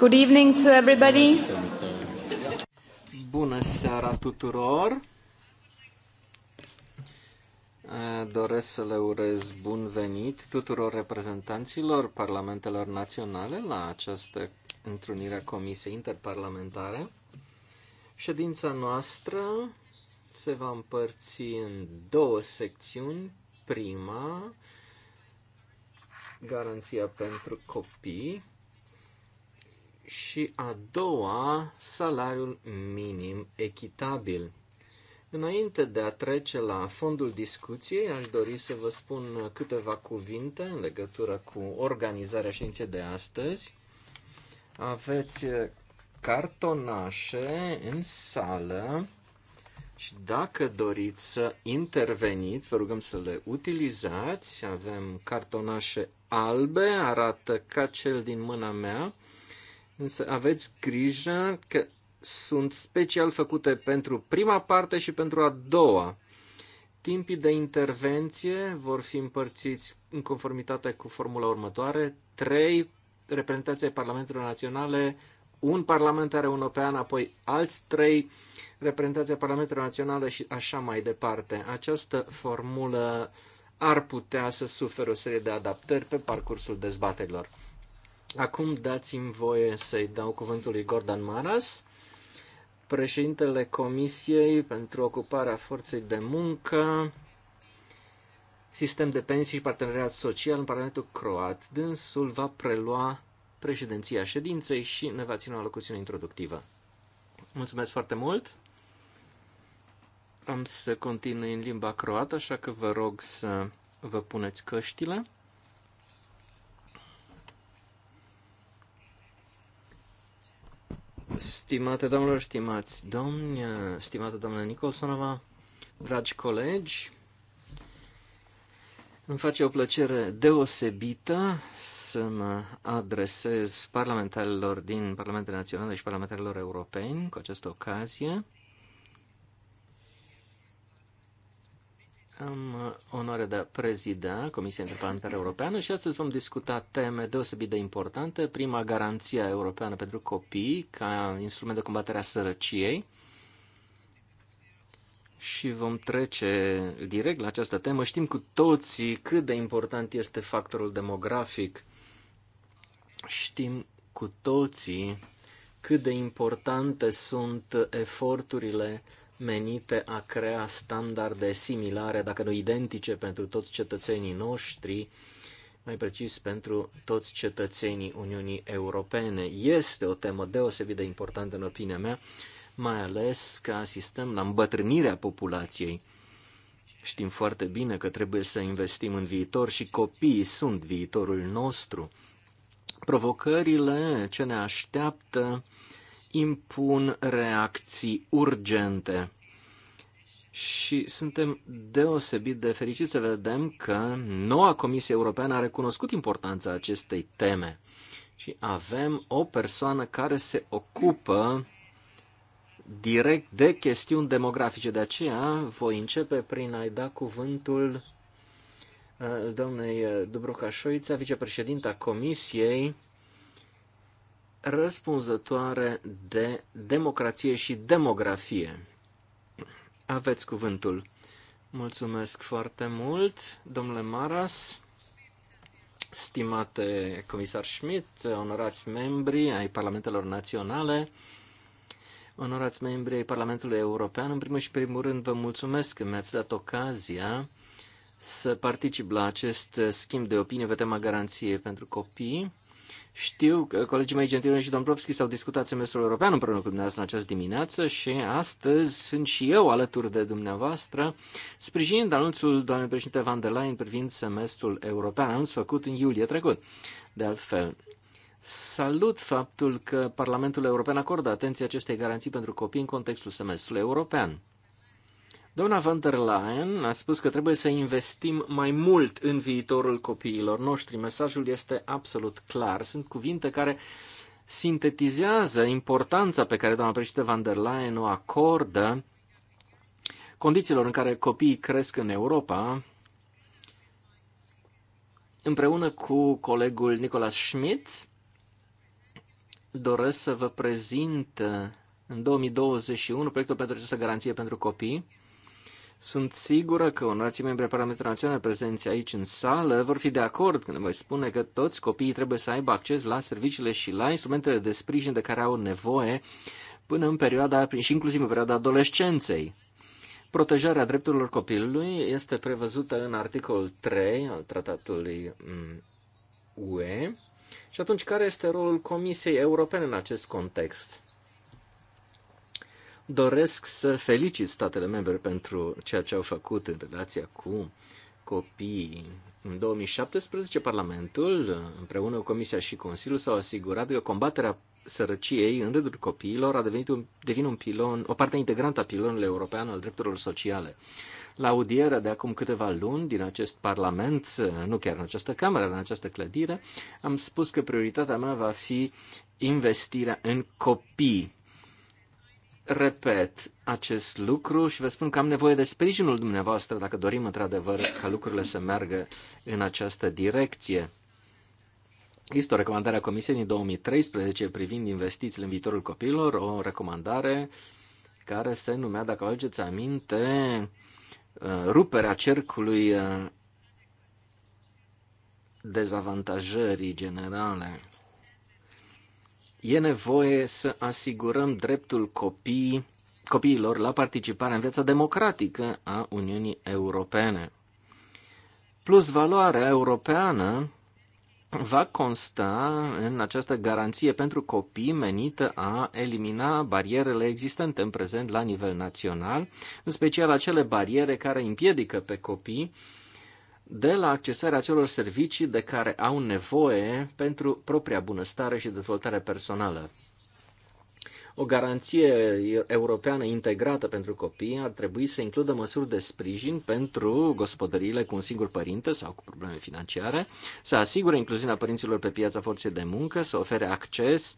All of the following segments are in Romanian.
Good evening to everybody. Bună seara tuturor. Eh, doresc să le urez bun venit tuturor reprezentanților parlamentelor naționale la această întrunire a Comisiei Interparlamentare. Ședința noastră se va împărți în două secțiuni. Prima, garanția pentru copii, și a doua, salariul minim echitabil. Înainte de a trece la fondul discuției, aș dori să vă spun câteva cuvinte în legătură cu organizarea științei de astăzi. Aveți cartonașe în sală și dacă doriți să interveniți, vă rugăm să le utilizați. Avem cartonașe albe, arată ca cel din mâna mea Însă aveți grijă că sunt special făcute pentru prima parte și pentru a doua. Timpii de intervenție vor fi împărțiți în conformitate cu formula următoare. trei reprezentanții Parlamentului Naționale, un parlamentar european, apoi alți trei reprezentanții Parlamentului Naționale și așa mai departe. Această formulă ar putea să suferă o serie de adaptări pe parcursul dezbaterilor. Acum dați-mi voie să-i dau cuvântul lui Gordon Maras, președintele Comisiei pentru Ocuparea Forței de Muncă, Sistem de Pensii și Parteneriat Social în Parlamentul Croat. Dânsul va prelua președinția ședinței și ne va ține o locuțiune introductivă. Mulțumesc foarte mult! Am să continui în limba croată, așa că vă rog să vă puneți căștile. Stimate domnilor, stimați domni, stimată doamnă Nicolsonova, dragi colegi, îmi face o plăcere deosebită să mă adresez parlamentarilor din Parlamentele Naționale și parlamentarilor europeni cu această ocazie. Am uh, onoarea de a prezida Comisia Interparlamentară Europeană și astăzi vom discuta teme deosebit de importante. Prima, garanția europeană pentru copii ca instrument de combatere a sărăciei. Și vom trece direct la această temă. Știm cu toții cât de important este factorul demografic. Știm cu toții cât de importante sunt eforturile menite a crea standarde similare, dacă nu identice, pentru toți cetățenii noștri, mai precis pentru toți cetățenii Uniunii Europene. Este o temă deosebit de importantă în opinia mea, mai ales că asistăm la îmbătrânirea populației. Știm foarte bine că trebuie să investim în viitor și copiii sunt viitorul nostru. Provocările ce ne așteaptă impun reacții urgente. Și suntem deosebit de fericiți să vedem că noua Comisie Europeană a recunoscut importanța acestei teme. Și avem o persoană care se ocupă direct de chestiuni demografice. De aceea voi începe prin a-i da cuvântul uh, doamnei Dubroca Șoița, vicepreședinta Comisiei răspunzătoare de democrație și demografie. Aveți cuvântul. Mulțumesc foarte mult, domnule Maras, stimate comisar Schmidt, onorați membri ai Parlamentelor Naționale, onorați membri ai Parlamentului European. În primul și primul rând, vă mulțumesc că mi-ați dat ocazia să particip la acest schimb de opinie pe tema garanției pentru copii. Știu că colegii mei Gentiloni și Dombrovski s-au discutat semestrul european împreună cu dumneavoastră în această dimineață și astăzi sunt și eu alături de dumneavoastră, sprijinind anunțul doamnei președinte Van der Leyen privind semestrul european, anunț făcut în iulie trecut. De altfel, salut faptul că Parlamentul European acordă atenție acestei garanții pentru copii în contextul semestrului european. Doamna van der Leyen a spus că trebuie să investim mai mult în viitorul copiilor noștri. Mesajul este absolut clar. Sunt cuvinte care sintetizează importanța pe care doamna președinte van der Leyen o acordă condițiilor în care copiii cresc în Europa, împreună cu colegul Nicolas Schmidt, doresc să vă prezint uh, în 2021 proiectul pentru această garanție pentru copii. Sunt sigură că onorații membri ai Parlamentului Național prezenți aici în sală vor fi de acord când voi spune că toți copiii trebuie să aibă acces la serviciile și la instrumentele de sprijin de care au nevoie până în perioada, și inclusiv în perioada adolescenței. Protejarea drepturilor copilului este prevăzută în articolul 3 al tratatului mm, UE. Și atunci, care este rolul Comisiei Europene în acest context? Doresc să felicit statele membre pentru ceea ce au făcut în relația cu copiii. În 2017, Parlamentul, împreună cu Comisia și Consiliul, s-au asigurat că combaterea sărăciei în rândul copiilor a devenit un, devin un pilon, o parte integrantă a pilonului european al drepturilor sociale. La audierea de acum câteva luni din acest Parlament, nu chiar în această cameră, în această clădire, am spus că prioritatea mea va fi investirea în copii repet acest lucru și vă spun că am nevoie de sprijinul dumneavoastră dacă dorim într-adevăr ca lucrurile să meargă în această direcție. Este o recomandare a Comisiei din 2013 privind investițiile în viitorul copiilor, o recomandare care se numea, dacă aduceți aminte, uh, ruperea cercului uh, dezavantajării generale. E nevoie să asigurăm dreptul copii, copiilor la participare în viața democratică a Uniunii Europene. Plus valoarea europeană va consta în această garanție pentru copii menită a elimina barierele existente în prezent la nivel național, în special acele bariere care împiedică pe copii de la accesarea celor servicii de care au nevoie pentru propria bunăstare și dezvoltare personală. O garanție europeană integrată pentru copii ar trebui să includă măsuri de sprijin pentru gospodăriile cu un singur părinte sau cu probleme financiare, să asigure incluziunea părinților pe piața forței de muncă, să ofere acces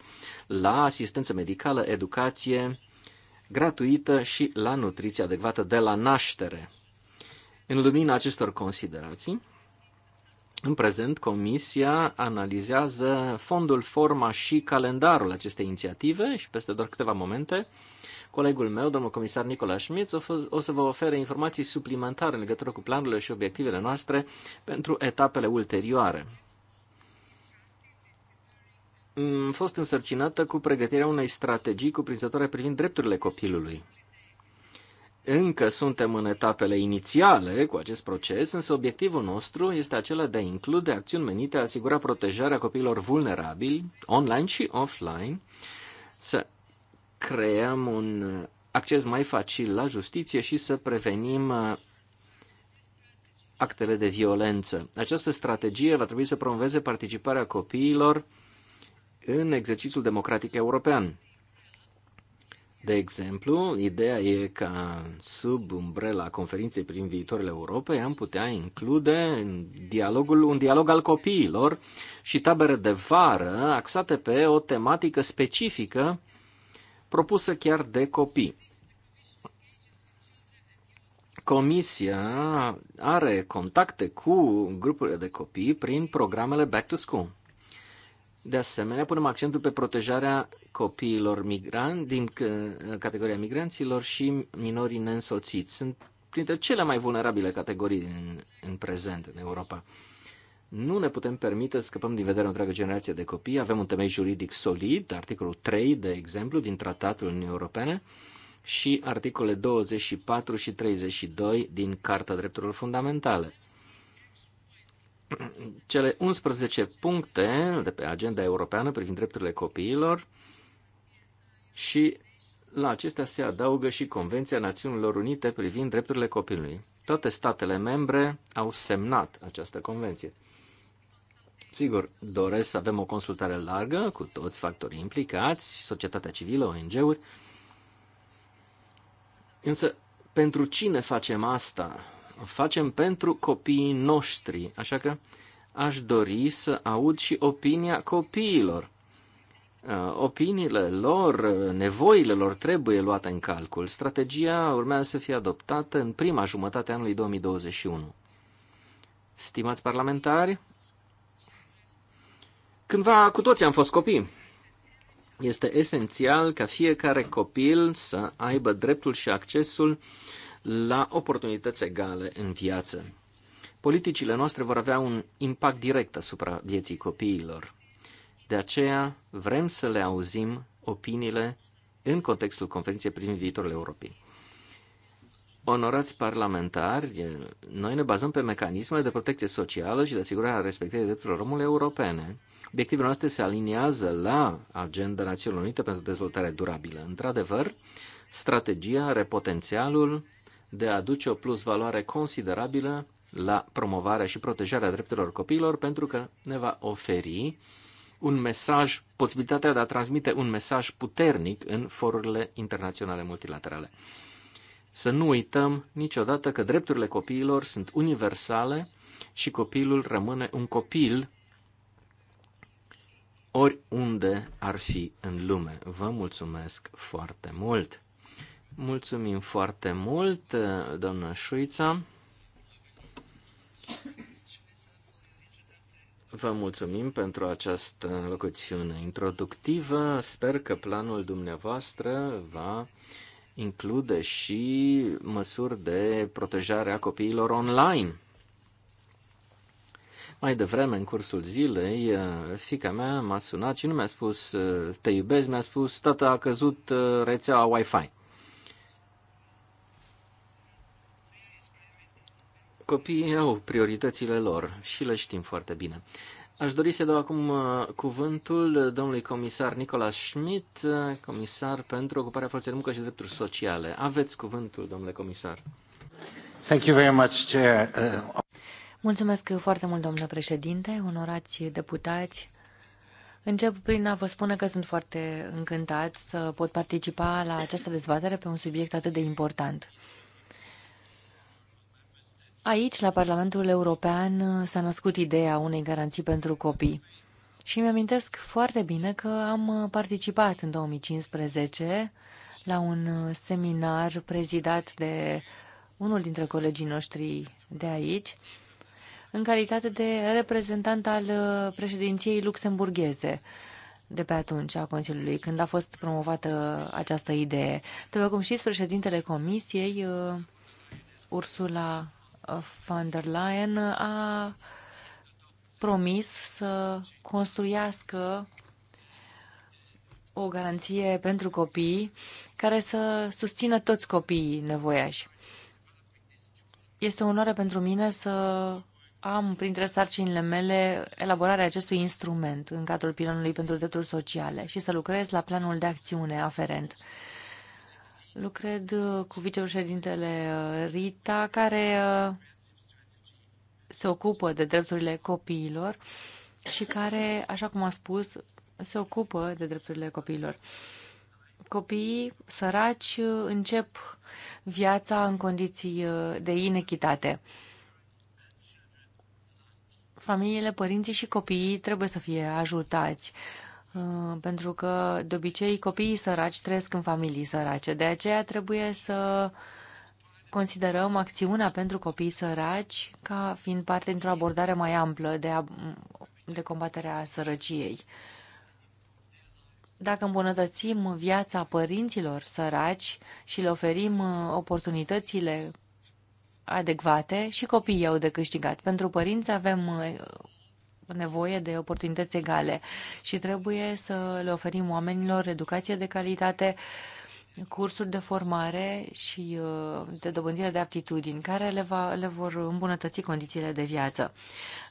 la asistență medicală, educație gratuită și la nutriție adecvată de la naștere. În lumina acestor considerații, în prezent, Comisia analizează fondul, forma și calendarul acestei inițiative și peste doar câteva momente, colegul meu, domnul comisar Nicola Schmitz, o să vă ofere informații suplimentare în legătură cu planurile și obiectivele noastre pentru etapele ulterioare. Am fost însărcinată cu pregătirea unei strategii cuprinzătoare privind drepturile copilului. Încă suntem în etapele inițiale cu acest proces, însă obiectivul nostru este acela de a include acțiuni menite a asigura protejarea copiilor vulnerabili, online și offline, să creăm un acces mai facil la justiție și să prevenim uh, actele de violență. Această strategie va trebui să promoveze participarea copiilor în exercițiul democratic european. De exemplu, ideea e ca sub umbrela conferinței prin viitorul Europei am putea include în dialogul, un dialog al copiilor și tabere de vară axate pe o tematică specifică propusă chiar de copii. Comisia are contacte cu grupurile de copii prin programele Back to School. De asemenea, punem accentul pe protejarea copiilor migranți, din categoria migranților și minorii neînsoțiți. Sunt printre cele mai vulnerabile categorii în, în prezent în Europa. Nu ne putem permite să scăpăm din vedere o întreagă generație de copii. Avem un temei juridic solid, articolul 3, de exemplu, din Tratatul Uniunii Europene și articole 24 și 32 din Carta Drepturilor Fundamentale. Cele 11 puncte de pe agenda europeană privind drepturile copiilor și la acestea se adaugă și Convenția Națiunilor Unite privind drepturile copilului. Toate statele membre au semnat această convenție. Sigur, doresc să avem o consultare largă cu toți factorii implicați, societatea civilă, ONG-uri. Însă, pentru cine facem asta? O facem pentru copiii noștri, așa că aș dori să aud și opinia copiilor Uh, opiniile lor, uh, nevoile lor trebuie luate în calcul. Strategia urmează să fie adoptată în prima jumătate a anului 2021. Stimați parlamentari, cândva cu toții am fost copii. Este esențial ca fiecare copil să aibă dreptul și accesul la oportunități egale în viață. Politicile noastre vor avea un impact direct asupra vieții copiilor. De aceea vrem să le auzim opiniile în contextul conferinței prin viitorul Europei. Onorați parlamentari, noi ne bazăm pe mecanismele de protecție socială și de asigurare a respectării drepturilor omului europene. Obiectivele noastre se aliniază la Agenda Națiunilor Unite pentru dezvoltare durabilă. Într-adevăr, strategia are potențialul de a aduce o plus valoare considerabilă la promovarea și protejarea drepturilor copiilor pentru că ne va oferi un mesaj, posibilitatea de a transmite un mesaj puternic în forurile internaționale multilaterale. Să nu uităm niciodată că drepturile copiilor sunt universale și copilul rămâne un copil oriunde ar fi în lume. Vă mulțumesc foarte mult! Mulțumim foarte mult, doamnă Șuița! Vă mulțumim pentru această locuțiune introductivă. Sper că planul dumneavoastră va include și măsuri de protejare a copiilor online. Mai devreme, în cursul zilei, fica mea m-a sunat și nu mi-a spus te iubesc, mi-a spus tata a căzut uh, rețeaua Wi-Fi. Copiii au prioritățile lor și le știm foarte bine. Aș dori să dau acum uh, cuvântul domnului comisar Nicolas Schmidt, uh, comisar pentru ocuparea forței de muncă și drepturi sociale. Aveți cuvântul, domnule comisar. Thank you very much, Chair. Mulțumesc foarte mult, domnule președinte, onorați deputați. Încep prin a vă spune că sunt foarte încântat să pot participa la această dezbatere pe un subiect atât de important. Aici, la Parlamentul European, s-a născut ideea unei garanții pentru copii. Și mi-amintesc foarte bine că am participat în 2015 la un seminar prezidat de unul dintre colegii noștri de aici, în calitate de reprezentant al uh, președinției luxemburgheze de pe atunci a Consiliului, când a fost promovată această idee. După cum știți, președintele Comisiei, uh, Ursula von der Leyen a promis să construiască o garanție pentru copii care să susțină toți copiii nevoiași. Este o onoare pentru mine să am printre sarcinile mele elaborarea acestui instrument în cadrul pilonului pentru drepturi sociale și să lucrez la planul de acțiune aferent. Lucred uh, cu vicepreședintele uh, Rita, care uh, se ocupă de drepturile copiilor și care, așa cum a spus, se ocupă de drepturile copiilor. Copiii săraci încep viața în condiții de inechitate. Familiile, părinții și copiii trebuie să fie ajutați. Uh, pentru că de obicei copiii săraci trăiesc în familii sărace. De aceea trebuie să considerăm acțiunea pentru copii săraci ca fiind parte dintr-o abordare mai amplă de, a, de combaterea sărăciei. Dacă îmbunătățim viața părinților săraci și le oferim uh, oportunitățile adecvate, și copiii au de câștigat. Pentru părinți avem uh, nevoie de oportunități egale și trebuie să le oferim oamenilor educație de calitate, cursuri de formare și uh, de dobândire de aptitudini, care le, va, le vor îmbunătăți condițiile de viață.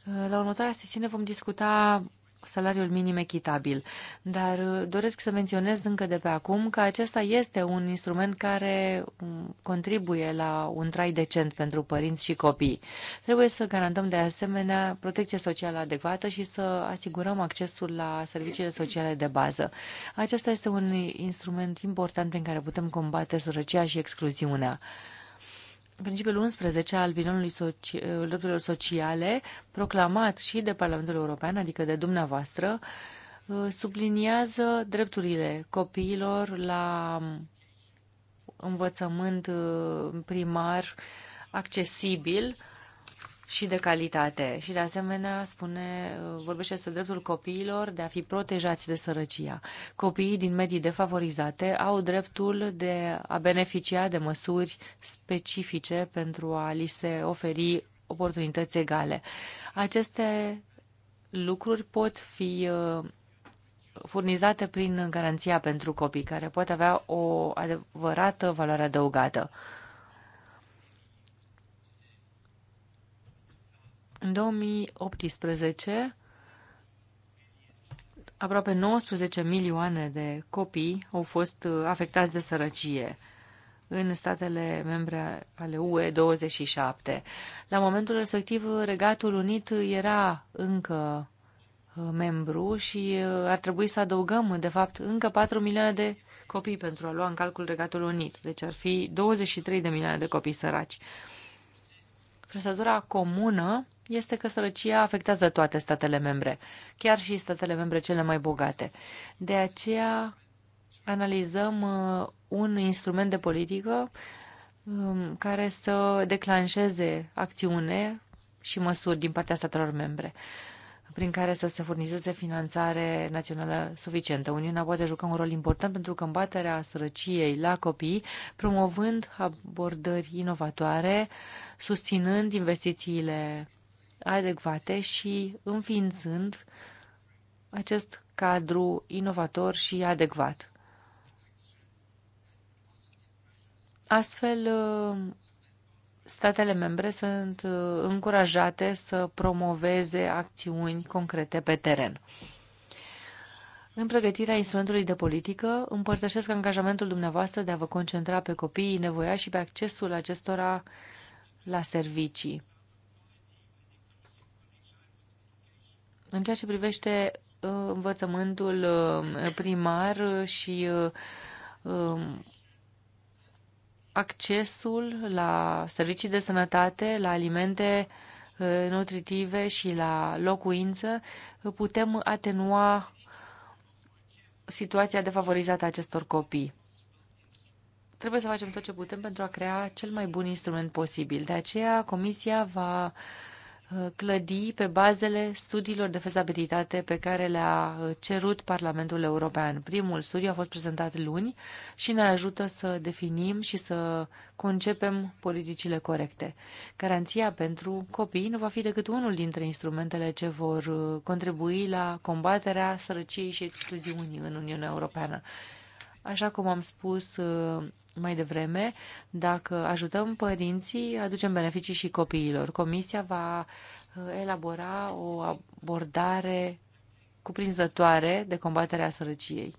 Uh, la următoarea sesiune vom discuta salariul minim echitabil. Dar uh, doresc să menționez încă de pe acum că acesta este un instrument care um, contribuie la un trai decent pentru părinți și copii. Trebuie să garantăm de asemenea protecție socială adecvată și să asigurăm accesul la serviciile sociale de bază. Acesta este un instrument important prin care putem combate sărăcia și excluziunea principiul 11 al binomului soci... drepturilor sociale, proclamat și de Parlamentul European, adică de dumneavoastră, uh, subliniază drepturile copiilor la um, învățământ uh, primar accesibil, și de calitate. Și de asemenea spune, vorbește despre dreptul copiilor de a fi protejați de sărăcia. Copiii din medii defavorizate au dreptul de a beneficia de măsuri specifice pentru a li se oferi oportunități egale. Aceste lucruri pot fi uh, furnizate prin garanția pentru copii, care poate avea o adevărată valoare adăugată. În 2018, aproape 19 milioane de copii au fost uh, afectați de sărăcie în statele membre ale UE 27. La momentul respectiv, Regatul Unit era încă uh, membru și uh, ar trebui să adăugăm, de fapt, încă 4 milioane de copii pentru a lua în calcul Regatul Unit. Deci ar fi 23 de milioane de copii săraci trăsătura comună este că sărăcia afectează toate statele membre, chiar și statele membre cele mai bogate. De aceea analizăm uh, un instrument de politică um, care să declanșeze acțiune și măsuri din partea statelor membre prin care să se furnizeze finanțare națională suficientă. Uniunea poate juca un rol important pentru combaterea sărăciei la copii, promovând abordări inovatoare, susținând investițiile adecvate și înființând acest cadru inovator și adecvat. Astfel, statele membre sunt uh, încurajate să promoveze acțiuni concrete pe teren. În pregătirea instrumentului de politică, împărtășesc angajamentul dumneavoastră de a vă concentra pe copiii nevoiași și pe accesul acestora la servicii. În ceea ce privește uh, învățământul uh, primar și um, accesul la servicii de sănătate, la alimente uh, nutritive și la locuință, uh, putem atenua situația defavorizată a acestor copii. Trebuie să facem tot ce putem pentru a crea cel mai bun instrument posibil. De aceea, Comisia va uh, Uh, clădi pe bazele studiilor de fezabilitate pe care le-a uh, cerut Parlamentul European. Primul studiu a fost prezentat luni și ne ajută să definim și să concepem politicile corecte. Garanția pentru copii nu va fi decât unul dintre instrumentele ce vor uh, contribui la combaterea sărăciei și excluziunii în Uniunea Europeană. Așa cum am spus mai devreme, dacă ajutăm părinții, aducem beneficii și copiilor. Comisia va uh, elabora o abordare cuprinzătoare de combatere a sărăciei.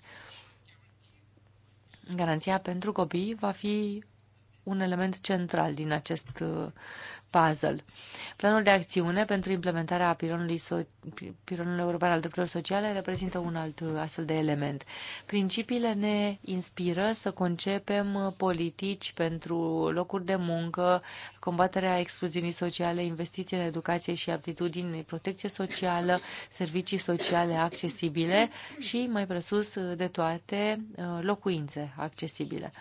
Garanția pentru copii va fi un element central din acest uh, puzzle. Planul de acțiune pentru implementarea pilonului, so- pilonului european al drepturilor sociale reprezintă un alt uh, astfel de element. Principiile ne inspiră să concepem uh, politici pentru locuri de muncă, combaterea excluziunii sociale, investiții în educație și aptitudini, protecție socială, servicii sociale accesibile și, mai presus uh, de toate, locuințe accesibile.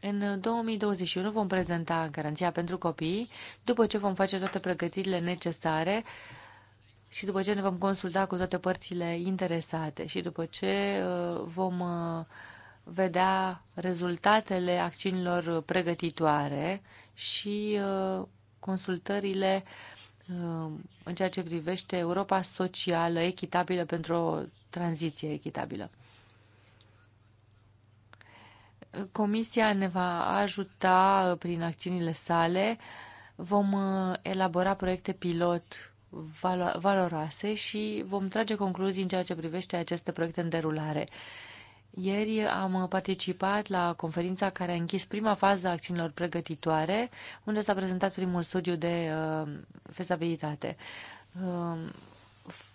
În 2021 uh, vom prezenta garanția pentru copii, după ce vom face toate pregătirile necesare și după ce ne vom consulta cu toate părțile interesate și după ce uh, vom uh, vedea rezultatele acțiunilor pregătitoare și consultările în ceea ce privește Europa socială, echitabilă pentru o tranziție echitabilă. Comisia ne va ajuta uh, prin acțiunile sale. Vom uh, elabora proiecte pilot valo valoroase și vom trage concluzii în ceea ce privește aceste proiecte în derulare. Ieri am participat la conferința care a închis prima fază a acțiunilor pregătitoare, unde s-a prezentat primul studiu de uh, fezabilitate. Uh,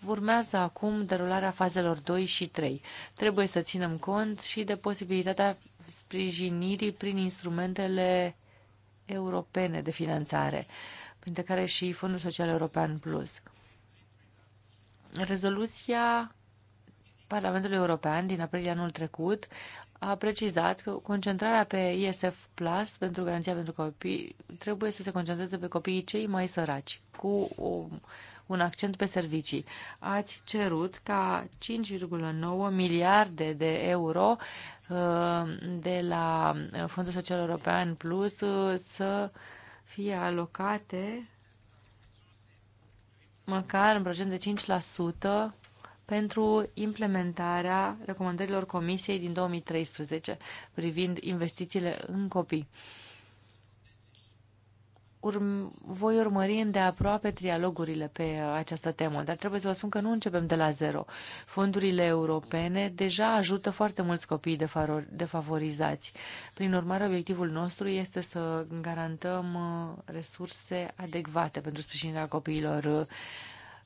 urmează acum derularea fazelor 2 și 3. Trebuie să ținem cont și de posibilitatea sprijinirii prin instrumentele europene de finanțare, printre care și Fondul Social European Plus. Rezoluția Parlamentului European din aprilie anul trecut a precizat că concentrarea pe ISF Plus pentru garanția pentru copii trebuie să se concentreze pe copiii cei mai săraci, cu o un accent pe servicii. Ați cerut ca 5,9 miliarde de euro uh, de la uh, Fondul Social European Plus uh, să fie alocate măcar în procent de 5% pentru implementarea recomandărilor Comisiei din 2013 privind investițiile în copii urm- voi urmări îndeaproape trialogurile pe această temă, dar trebuie să vă spun că nu începem de la zero. Fondurile europene deja ajută foarte mulți copii defavorizați. Prin urmare, obiectivul nostru este să garantăm uh, resurse adecvate pentru sprijinirea copiilor uh,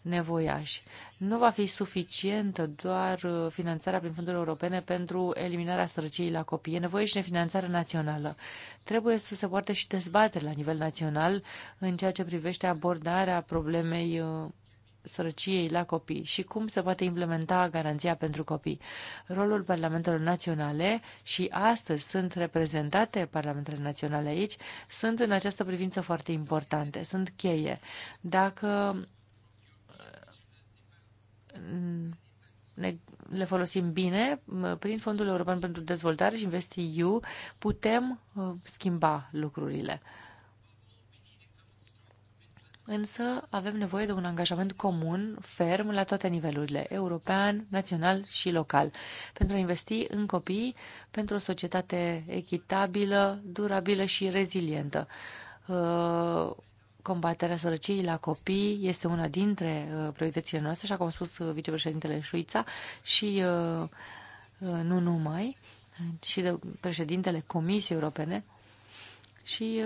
nevoiași. Nu va fi suficientă doar uh, finanțarea prin fonduri europene pentru eliminarea sărăciei la copii. E nevoie și de finanțare națională. Trebuie să se poartă și dezbateri la nivel național în ceea ce privește abordarea problemei uh, sărăciei la copii și cum se poate implementa garanția pentru copii. Rolul parlamentelor naționale și astăzi sunt reprezentate parlamentele naționale aici, sunt în această privință foarte importante, sunt cheie. Dacă ne, le folosim bine, prin Fondul European pentru Dezvoltare și InvestEU putem uh, schimba lucrurile. Însă avem nevoie de un angajament comun, ferm, la toate nivelurile, european, național și local, pentru a investi în copii, pentru o societate echitabilă, durabilă și rezilientă. Uh, combaterea sărăciei la copii este una dintre uh, prioritățile noastre, așa cum a spus uh, vicepreședintele Șuița și uh, nu numai, și de președintele Comisiei Europene. Și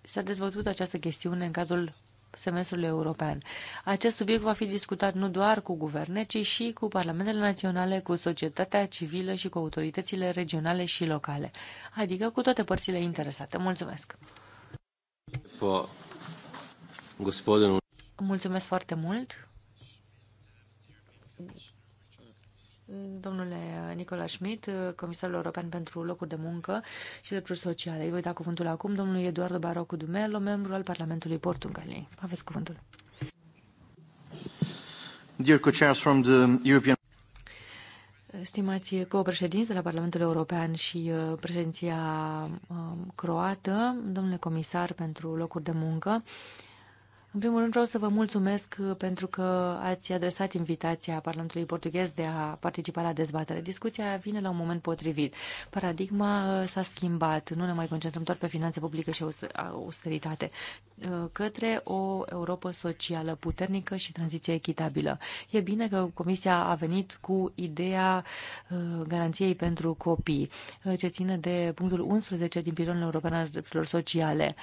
s-a dezvoltat această chestiune în cadrul semestrului european. Acest subiect va fi discutat nu doar cu guverne, ci și cu parlamentele naționale, cu societatea civilă și cu autoritățile regionale și locale, adică cu toate părțile interesate. Mulțumesc! Mulțumesc foarte mult. Domnule Nicola Schmidt, Comisarul European pentru Locuri de Muncă și Drepturi Sociale. Îi voi da cuvântul acum domnului Eduardo Barocu Dumelo, membru al Parlamentului Portugaliei. Aveți cuvântul. Dear co-chairs from the European Stimați copreședinți de la Parlamentul European și uh, președinția um, croată, domnule comisar pentru locuri de muncă, în primul rând vreau să vă mulțumesc uh, pentru că ați adresat invitația Parlamentului Portughez de a participa la dezbatere. Discuția vine la un moment potrivit. Paradigma uh, s-a schimbat. Nu ne mai concentrăm doar pe finanțe publică și austeritate, uh, către o Europa socială puternică și tranziție echitabilă. E bine că Comisia a venit cu ideea garanției pentru copii, ce ține de punctul 11 din pilonul european al drepturilor sociale.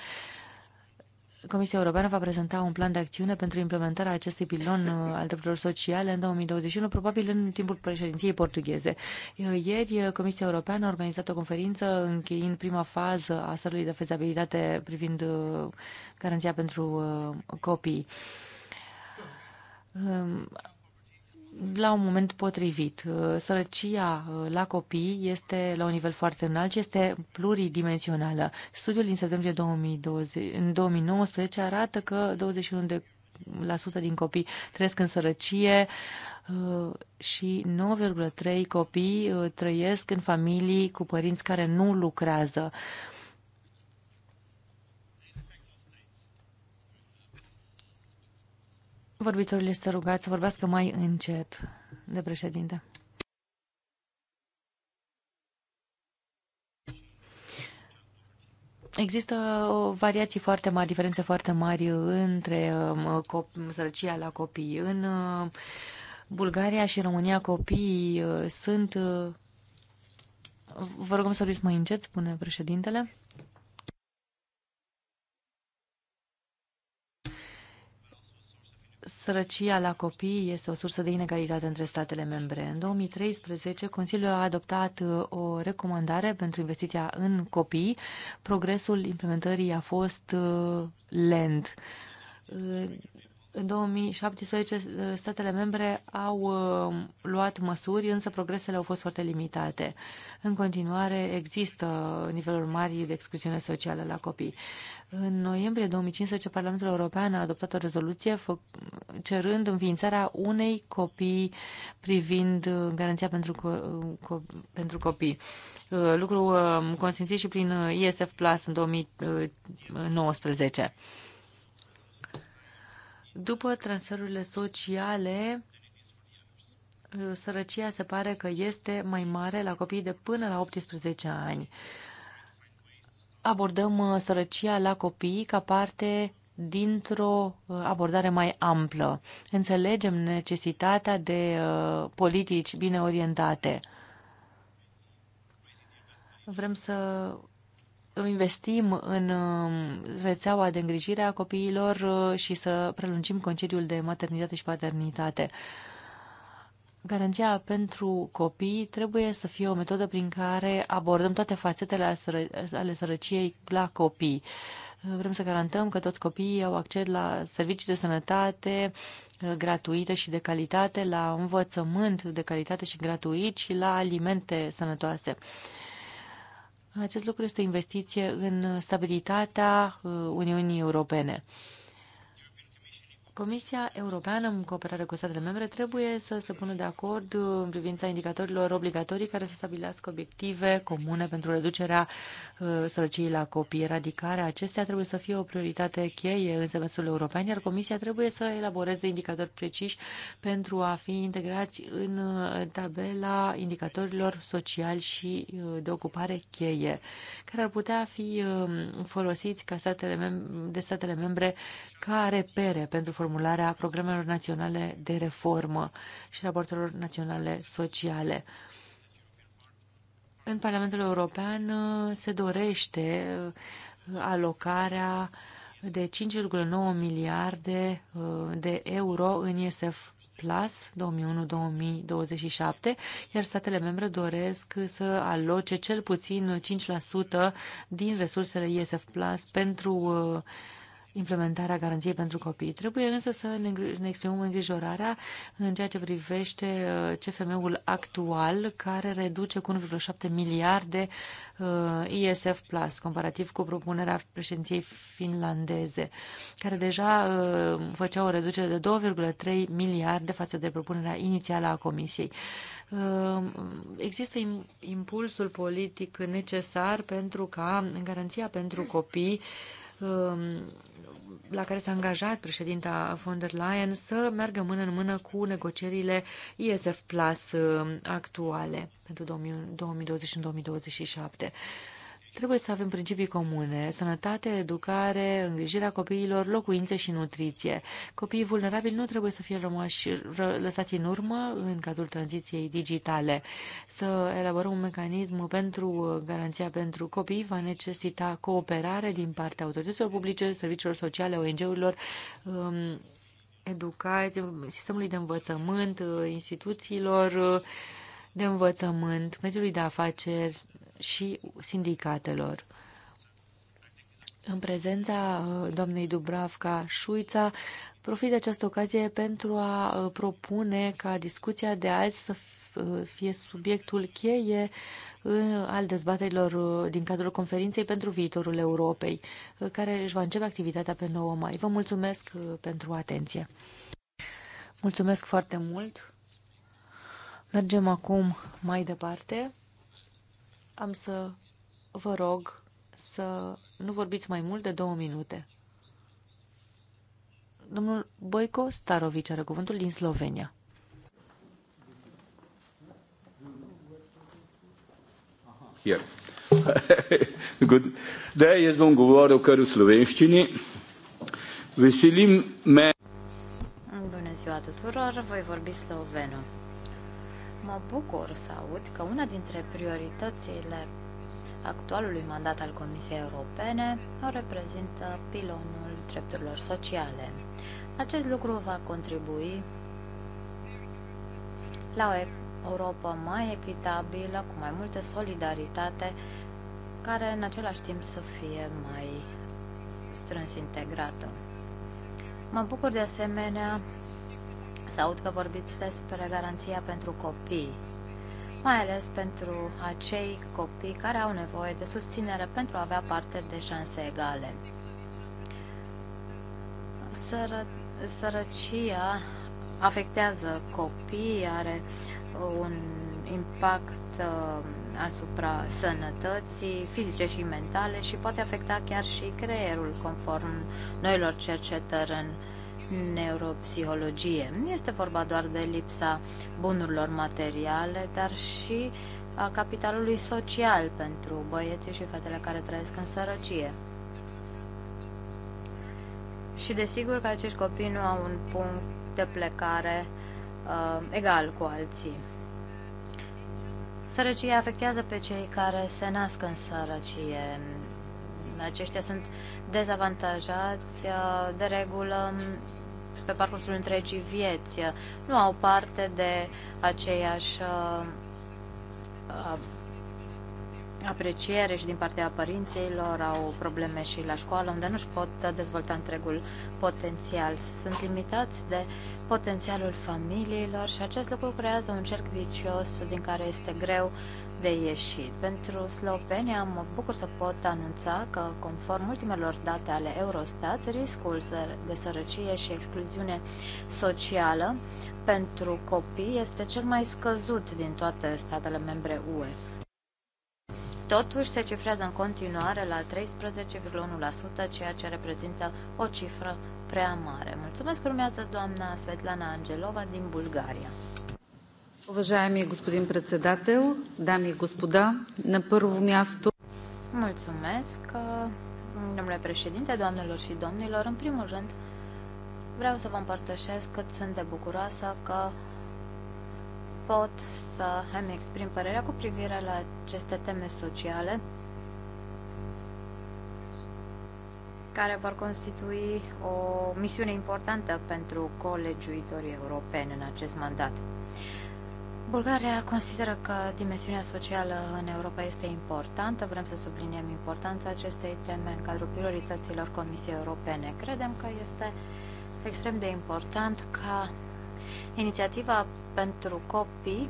Comisia Europeană va prezenta un plan de acțiune pentru implementarea acestui pilon uh, al drepturilor sociale în 2021, probabil în timpul președinției portugheze. Uh, ieri, uh, Comisia Europeană a organizat o conferință încheiind prima fază a stărului de fezabilitate privind garanția pentru copii. Um, la un moment potrivit. Uh, sărăcia uh, la copii este la un nivel foarte înalt și este pluridimensională. Studiul din septembrie 2020, în 2019 arată că 21% de, la sută din copii trăiesc în sărăcie uh, și 9,3 copii trăiesc în familii cu părinți care nu lucrează. Vorbitorul este rugat să vorbească mai încet de președinte. Există o variații foarte mari, diferențe foarte mari între um, sărăcia la copii. În uh, Bulgaria și România copiii uh, sunt... Uh, vă rugăm să vorbiți mai încet, spune președintele. sărăcia la copii este o sursă de inegalitate între statele membre. În 2013, Consiliul a adoptat uh, o recomandare pentru investiția în copii. Progresul implementării a fost uh, lent uh, în 2017, ă, statele membre au ă, luat măsuri, însă progresele au fost foarte limitate. În continuare, există niveluri mari de excluziune socială la copii. În noiembrie 2015, Parlamentul European a adoptat o rezoluție cerând înființarea unei copii privind ă, garanția pentru, co- co- pentru copii. Lucru consimțit și prin ISF Plus în 2019. După transferurile sociale, sărăcia se pare că este mai mare la copii de până la 18 ani. Abordăm uh, sărăcia la copii ca parte dintr-o uh, abordare mai amplă. Înțelegem necesitatea de uh, politici bine orientate. Vrem să investim în um, rețeaua de îngrijire a copiilor uh, și să prelungim concediul de maternitate și paternitate. Garanția pentru copii trebuie să fie o metodă prin care abordăm toate fațetele ale sărăciei la copii. Uh, vrem să garantăm că toți copiii au acces la servicii de sănătate uh, gratuite și de calitate, la învățământ de calitate și gratuit și la alimente sănătoase. Acest lucru este o investiție în stabilitatea uh, Uniunii Europene. Comisia Europeană, în cooperare cu statele membre, trebuie să se pună de acord în privința indicatorilor obligatorii care să stabilească obiective comune pentru reducerea uh, sărăciei la copii. Eradicarea acestea trebuie să fie o prioritate cheie în semestrul european, iar Comisia trebuie să elaboreze indicatori preciși pentru a fi integrați în uh, tabela indicatorilor sociali și uh, de ocupare cheie, care ar putea fi um, folosiți ca statele de statele membre ca repere pentru formularea formularea programelor naționale de reformă și raportelor naționale sociale. În Parlamentul European uh, se dorește uh, alocarea de 5,9 miliarde uh, de euro în ISF Plus 2001-2027, iar statele membre doresc să aloce cel puțin 5% din resursele ISF Plus pentru uh, implementarea garanției pentru copii. Trebuie însă să ne exprimăm îngrijorarea în ceea ce privește uh, CFM-ul actual, care reduce cu 1,7 miliarde uh, ISF Plus, comparativ cu propunerea președinției finlandeze, care deja uh, făcea o reducere de 2,3 miliarde față de propunerea inițială a Comisiei. Există impulsul politic necesar pentru ca garanția pentru copii Um, la care s-a angajat președinta von der Leyen să meargă mână în mână cu negocierile ISF Plus um, actuale pentru și 2027 Trebuie să avem principii comune, sănătate, educare, îngrijirea copiilor, locuințe și nutriție. Copiii vulnerabili nu trebuie să fie rămași, ră, lăsați în urmă în cadrul tranziției digitale. Să elaborăm un mecanism pentru uh, garanția pentru copii va necesita cooperare din partea autorităților publice, serviciilor sociale, ONG-urilor, um, educație, sistemului de învățământ, uh, instituțiilor uh, de învățământ, mediului de afaceri, și sindicatelor. În prezența uh, doamnei Dubravka Șuița, profit de această ocazie pentru a uh, propune ca discuția de azi să uh, fie subiectul cheie al dezbaterilor din cadrul conferinței pentru viitorul Europei, care își va începe activitatea pe 9 mai. Vă mulțumesc pentru atenție. Mulțumesc foarte mult. Mergem acum mai departe am să vă rog să nu vorbiți mai mult de două minute. Domnul Boico Starovic are cuvântul din Slovenia. Here. Good. Da, jaz bom govoril kar v slovenščini. Veselim me. Bună ziua tuturor, voi vorbi slovenul. Mă bucur să aud că una dintre prioritățile actualului mandat al Comisiei Europene o reprezintă pilonul drepturilor sociale. Acest lucru va contribui la o Europa mai echitabilă, cu mai multă solidaritate, care în același timp să fie mai strâns integrată. Mă bucur de asemenea să aud că vorbiți despre garanția pentru copii, mai ales pentru acei copii care au nevoie de susținere pentru a avea parte de șanse egale. Sără, sărăcia afectează copiii, are un impact uh, asupra sănătății fizice și mentale și poate afecta chiar și creierul, conform noilor cercetări în neuropsihologie. Este vorba doar de lipsa bunurilor materiale, dar și a capitalului social pentru băieții și fetele care trăiesc în sărăcie. Și desigur că acești copii nu au un punct de plecare uh, egal cu alții. Sărăcia afectează pe cei care se nasc în sărăcie. Aceștia sunt dezavantajați uh, de regulă pe parcursul întregii vieți nu au parte de aceeași uh, uh, apreciere și din partea părinților, au probleme și la școală, unde nu-și pot dezvolta întregul potențial. Sunt limitați de potențialul familiilor și acest lucru creează un cerc vicios din care este greu de ieșit. Pentru Slovenia mă bucur să pot anunța că, conform ultimelor date ale Eurostat, riscul de sărăcie și excluziune socială pentru copii este cel mai scăzut din toate statele membre UE. Totuși, se cifrează în continuare la 13,1%, ceea ce reprezintă o cifră prea mare. Mulțumesc, urmează doamna Svetlana Angelova din Bulgaria. Уважаеми господин председател, дами и господа, на първо място... Mulțumesc, uh, domnule președinte, doamnelor și domnilor. În primul rând, vreau să vă împărtășesc cât sunt de bucuroasă că pot să îmi exprim părerea cu privire la aceste teme sociale care vor constitui o misiune importantă pentru colegiuitorii europeni în acest mandat. Bulgaria consideră că dimensiunea socială în Europa este importantă. Vrem să subliniem importanța acestei teme în cadrul priorităților Comisiei Europene. Credem că este extrem de important ca Inițiativa pentru copii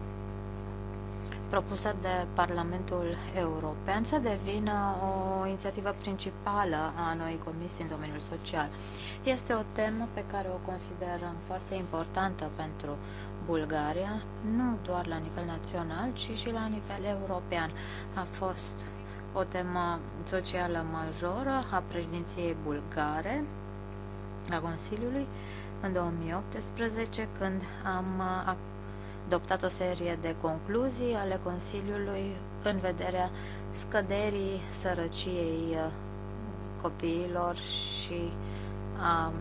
propusă de Parlamentul European să devină o inițiativă principală a noii comisii în domeniul social. Este o temă pe care o considerăm foarte importantă pentru Bulgaria, nu doar la nivel național, ci și la nivel european. A fost o temă socială majoră a președinției bulgare a Consiliului în 2018, când am uh, adoptat o serie de concluzii ale Consiliului în vederea scăderii sărăciei uh, copiilor și a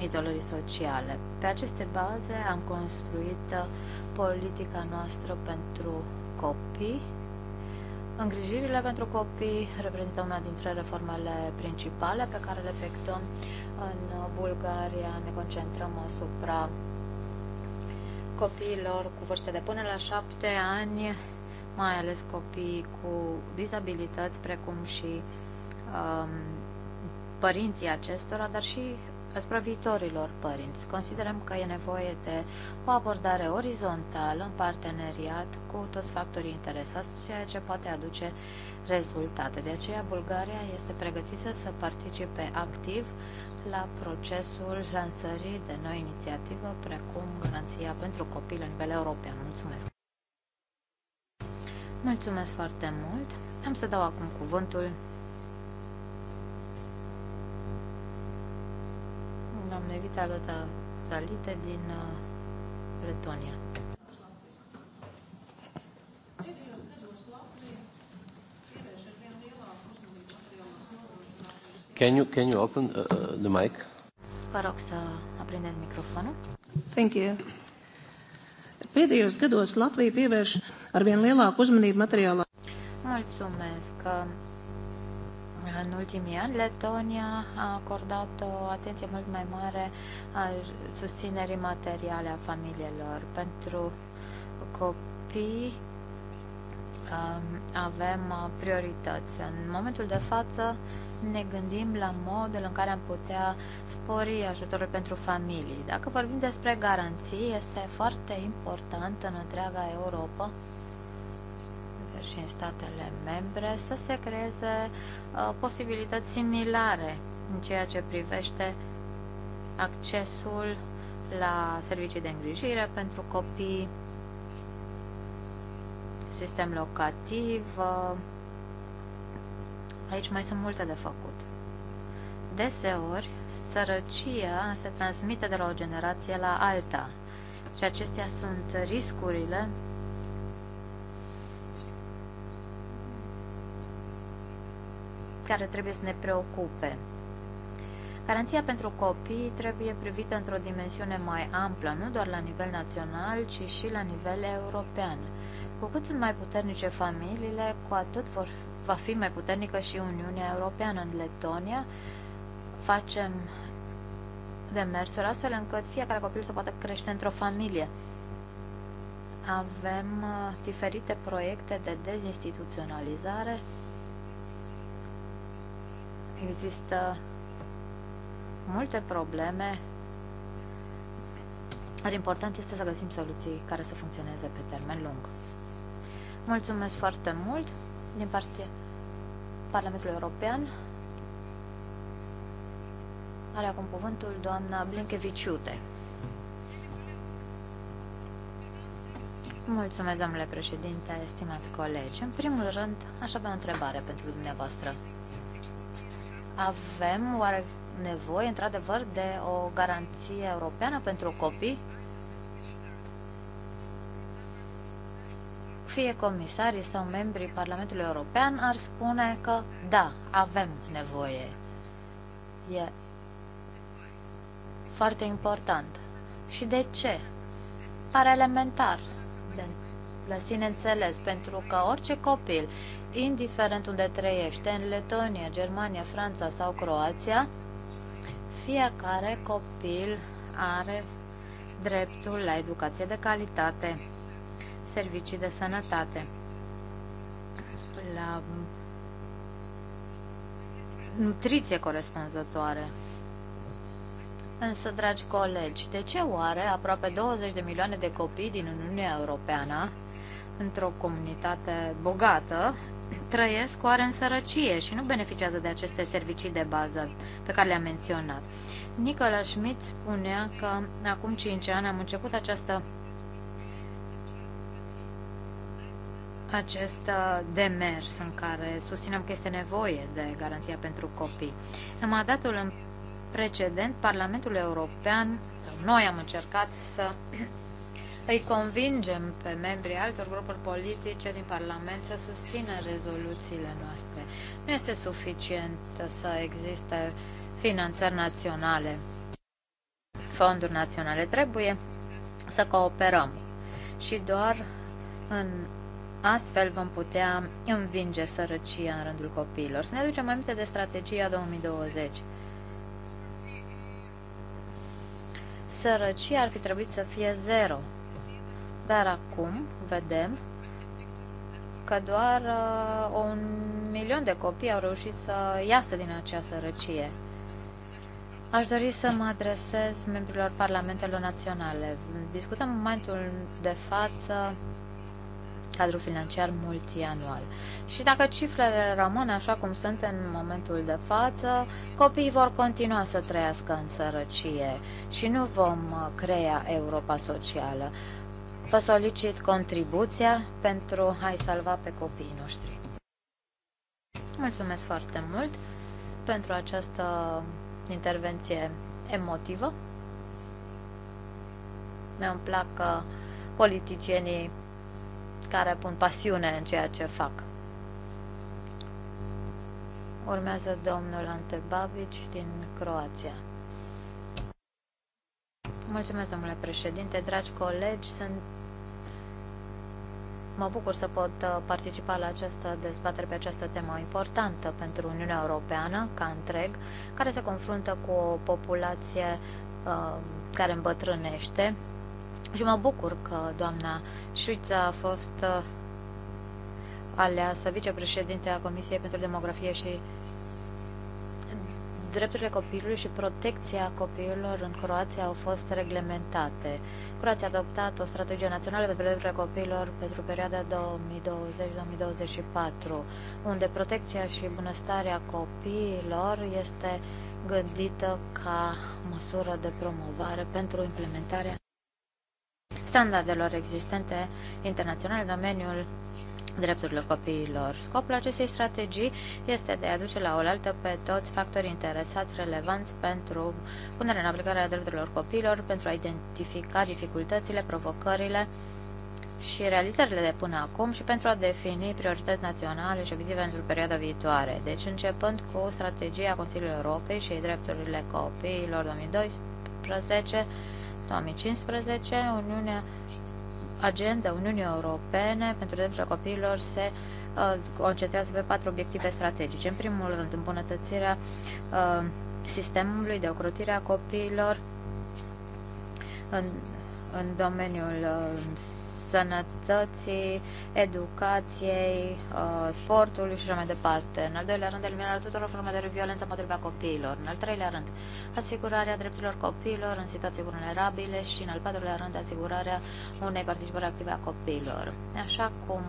izolării sociale. Pe aceste baze am construit uh, politica noastră pentru copii Îngrijirile pentru copii reprezintă una dintre reformele principale pe care le efectuăm în Bulgaria. Ne concentrăm asupra copiilor cu vârste de până la șapte ani, mai ales copiii cu dizabilități, precum și um, părinții acestora, dar și asupra viitorilor părinți. Considerăm că e nevoie de o abordare orizontală în parteneriat cu toți factorii interesați, ceea ce poate aduce rezultate. De aceea, Bulgaria este pregătită să participe activ la procesul lansării de noi inițiativă, precum Garanția pentru Copil la nivel european. Mulțumesc! Mulțumesc foarte mult! Am să dau acum cuvântul Am Evita Lăta Zalite din uh, Letonia. Can you, can you open uh, uh, the mic? Vă rog să aprindeți microfonul. Thank you. Pēdējos gados Latvija pievērš arvien lielāku uzmanību materiālā. Mulțumesc în ultimii ani, Letonia a acordat o atenție mult mai mare a susținerii materiale a familiilor. Pentru copii um, avem uh, priorități. În momentul de față ne gândim la modul în care am putea spori ajutorul pentru familii. Dacă vorbim despre garanții, este foarte important în întreaga Europa și în statele membre să se creeze uh, posibilități similare în ceea ce privește accesul la servicii de îngrijire pentru copii, sistem locativ. Uh, aici mai sunt multe de făcut. Deseori, sărăcia se transmite de la o generație la alta și acestea sunt riscurile care trebuie să ne preocupe. Garanția pentru copii trebuie privită într-o dimensiune mai amplă, nu doar la nivel național, ci și la nivel european. Cu cât sunt mai puternice familiile, cu atât vor, va fi mai puternică și Uniunea Europeană. În Letonia facem demersuri astfel încât fiecare copil să poată crește într-o familie. Avem uh, diferite proiecte de dezinstituționalizare există multe probleme, dar important este să găsim soluții care să funcționeze pe termen lung. Mulțumesc foarte mult din partea Parlamentului European. Are acum cuvântul doamna Blinkeviciute. Mulțumesc, domnule președinte, stimați colegi. În primul rând, aș avea o întrebare pentru dumneavoastră. Avem oare nevoie, într-adevăr, de o garanție europeană pentru copii? Fie comisarii sau membrii Parlamentului European ar spune că da, avem nevoie. E foarte important. Și de ce? Pare elementar. De la sine înțeles, pentru că orice copil, indiferent unde trăiește, în Letonia, Germania, Franța sau Croația, fiecare copil are dreptul la educație de calitate, servicii de sănătate, la nutriție corespunzătoare. Însă, dragi colegi, de ce oare aproape 20 de milioane de copii din Uniunea Europeană într-o comunitate bogată trăiesc oare în sărăcie și nu beneficiază de aceste servicii de bază pe care le-am menționat. Nicola Schmidt spunea că acum 5 ani am început această acest uh, demers în care susținem că este nevoie de garanția pentru copii. În mandatul în precedent, Parlamentul European, sau noi am încercat să îi convingem pe membrii altor grupuri politice din Parlament să susțină rezoluțiile noastre. Nu este suficient să existe finanțări naționale, fonduri naționale. Trebuie să cooperăm și doar în astfel vom putea învinge sărăcia în rândul copiilor. Să ne aducem aminte de strategia 2020. Sărăcia ar fi trebuit să fie zero dar acum vedem că doar uh, un milion de copii au reușit să iasă din acea sărăcie. Aș dori să mă adresez membrilor Parlamentelor Naționale. Discutăm în momentul de față cadrul financiar multianual. Și dacă cifrele rămân așa cum sunt în momentul de față, copiii vor continua să trăiască în sărăcie și nu vom uh, crea Europa socială. Vă solicit contribuția pentru a-i salva pe copiii noștri. Mulțumesc foarte mult pentru această intervenție emotivă. Îmi plac uh, politicienii care pun pasiune în ceea ce fac. Urmează domnul Ante Babici din Croația. Mulțumesc, domnule președinte, dragi colegi, sunt Mă bucur să pot uh, participa la această dezbatere pe această temă importantă pentru Uniunea Europeană ca întreg, care se confruntă cu o populație uh, care îmbătrânește. Și mă bucur că doamna Șuiță a fost uh, aleasă vicepreședinte a Comisiei pentru Demografie și drepturile copilului și protecția copiilor în Croația au fost reglementate. Croația a adoptat o strategie națională pentru drepturile copiilor pentru perioada 2020-2024, unde protecția și bunăstarea copiilor este gândită ca măsură de promovare pentru implementarea standardelor existente internaționale în domeniul drepturile copiilor. Scopul acestei strategii este de a aduce la oaltă pe toți factorii interesați relevanți pentru punerea în aplicare a drepturilor copiilor, pentru a identifica dificultățile, provocările și realizările de până acum și pentru a defini priorități naționale și obiective pentru perioada viitoare. Deci, începând cu strategia Consiliului Europei și drepturile copiilor 2012, 2015, Uniunea agenda Uniunii Europene pentru drepturile copiilor se uh, concentrează pe patru obiective strategice. În primul rând, îmbunătățirea uh, sistemului de ocrotire a copiilor în, în domeniul uh, sănătății, educației, uh, sportului și așa mai departe. În al doilea rând, eliminarea tuturor forme de violență împotriva copiilor. În al treilea rând, asigurarea drepturilor copiilor în situații vulnerabile și, în al patrulea rând, asigurarea unei participări active a copiilor. Așa cum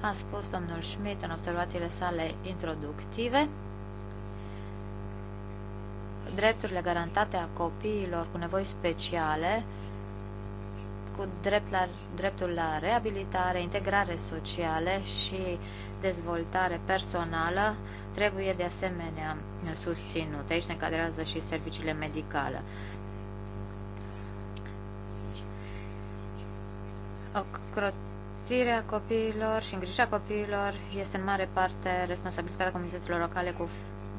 a spus domnul Schmidt în observațiile sale introductive, drepturile garantate a copiilor cu nevoi speciale cu drept la, dreptul la reabilitare, integrare socială și dezvoltare personală trebuie de asemenea susținute. Aici ne încadrează și serviciile medicale. O creșterea copiilor și îngrijirea copiilor este în mare parte responsabilitatea comunităților locale cu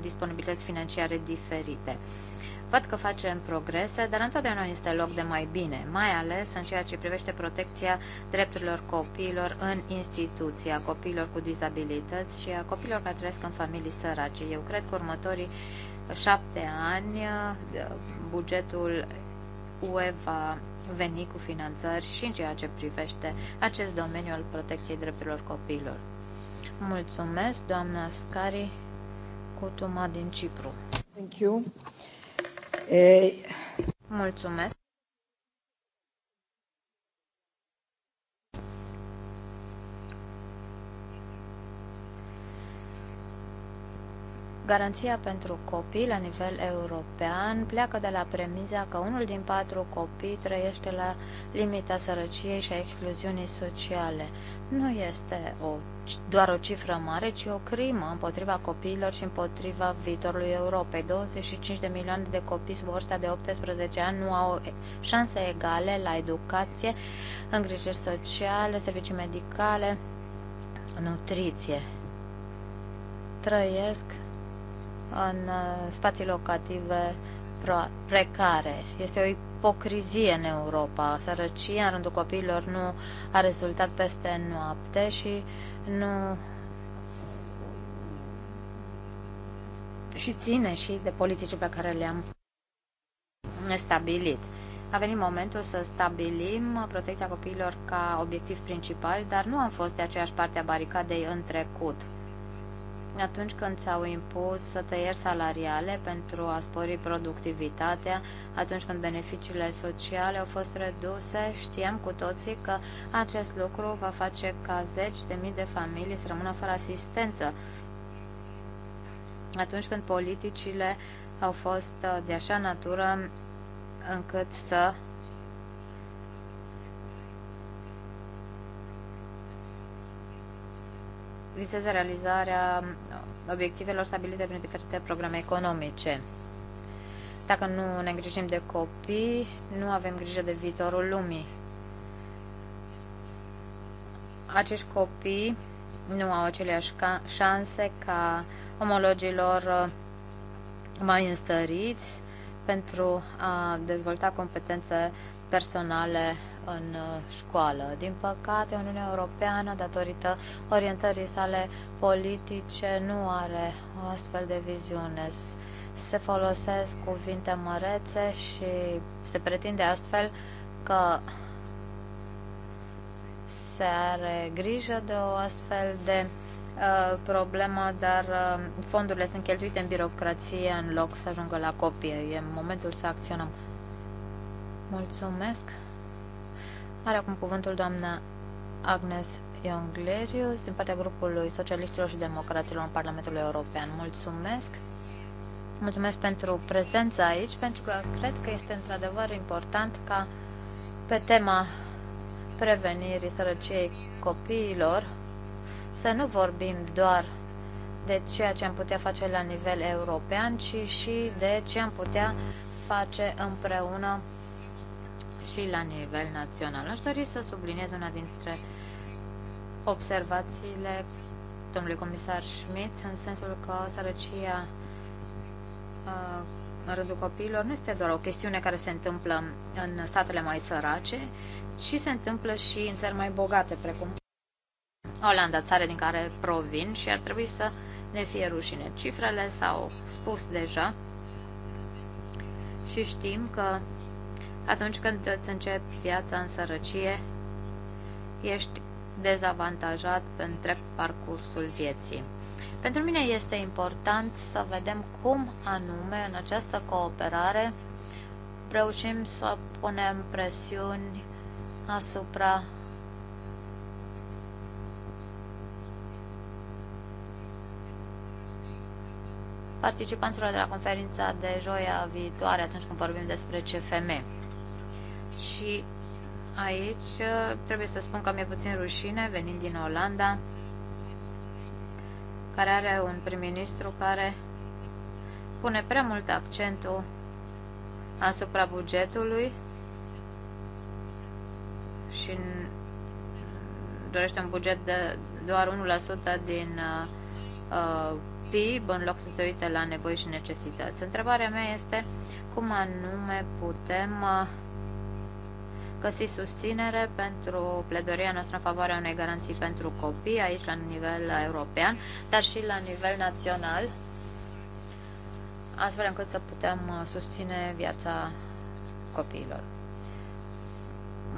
disponibilități financiare diferite. Văd că facem progrese, dar întotdeauna este loc de mai bine, mai ales în ceea ce privește protecția drepturilor copiilor în instituție, a copiilor cu dizabilități și a copiilor care trăiesc în familii sărace. Eu cred că următorii șapte ani uh, bugetul UE va veni cu finanțări și în ceea ce privește acest domeniu al protecției drepturilor copiilor. Mulțumesc, doamna Scari Cutuma din Cipru. Thank you. Mulțumesc. Garanția pentru copii la nivel european pleacă de la premiza că unul din patru copii trăiește la limita sărăciei și a excluziunii sociale. Nu este o, doar o cifră mare, ci o crimă împotriva copiilor și împotriva viitorului Europei. 25 de milioane de copii sub vârsta de 18 ani nu au șanse egale la educație, îngrijiri sociale, servicii medicale, nutriție. Trăiesc în uh, spații locative precare. Este o ipocrizie în Europa. Sărăcia în rândul copiilor nu a rezultat peste noapte și nu și ține și de politicii pe care le-am stabilit. A venit momentul să stabilim protecția copiilor ca obiectiv principal, dar nu am fost de aceeași parte a baricadei în trecut atunci când s-au impus tăieri salariale pentru a spori productivitatea, atunci când beneficiile sociale au fost reduse, știam cu toții că acest lucru va face ca zeci de mii de familii să rămână fără asistență. Atunci când politicile au fost de așa natură încât să vizează realizarea uh, obiectivelor stabilite prin diferite programe economice. Dacă nu ne îngrijim de copii, nu avem grijă de viitorul lumii. Acești copii nu au aceleași șanse ca omologilor uh, mai înstăriți pentru a dezvolta competențe personale în uh, școală. Din păcate, Uniunea Europeană, datorită orientării sale politice, nu are o astfel de viziune. Se folosesc cuvinte mărețe și se pretinde astfel că se are grijă de o astfel de problema, uh, problemă, dar uh, fondurile sunt cheltuite în birocrație în loc să ajungă la copii. E momentul să acționăm. Mulțumesc! Are acum cuvântul doamna Agnes Ionglerius din partea grupului socialiștilor și democraților în Parlamentul European. Mulțumesc! Mulțumesc pentru prezența aici, pentru că cred că este într-adevăr important ca pe tema prevenirii sărăciei copiilor să nu vorbim doar de ceea ce am putea face la nivel european, ci și de ce am putea face împreună și la nivel național. Aș dori să subliniez una dintre observațiile domnului comisar Schmidt în sensul că sărăcia uh, în rândul copiilor nu este doar o chestiune care se întâmplă în statele mai sărace, ci se întâmplă și în țări mai bogate, precum Olanda, țară din care provin și ar trebui să ne fie rușine. Cifrele s-au spus deja și știm că atunci când îți începi viața în sărăcie, ești dezavantajat pe întreg parcursul vieții. Pentru mine este important să vedem cum anume în această cooperare reușim să punem presiuni asupra participanților de la conferința de joia viitoare atunci când vorbim despre CFM. Și aici uh, trebuie să spun că mi-e puțin rușine venind din Olanda, care are un prim-ministru care pune prea mult accentul asupra bugetului și dorește un buget de doar 1% din uh, uh PIB în loc să se uite la nevoi și necesități. Întrebarea mea este cum anume putem uh, găsi susținere pentru pledoria noastră în favoarea unei garanții pentru copii aici la nivel european, dar și la nivel național, astfel încât să putem uh, susține viața copiilor.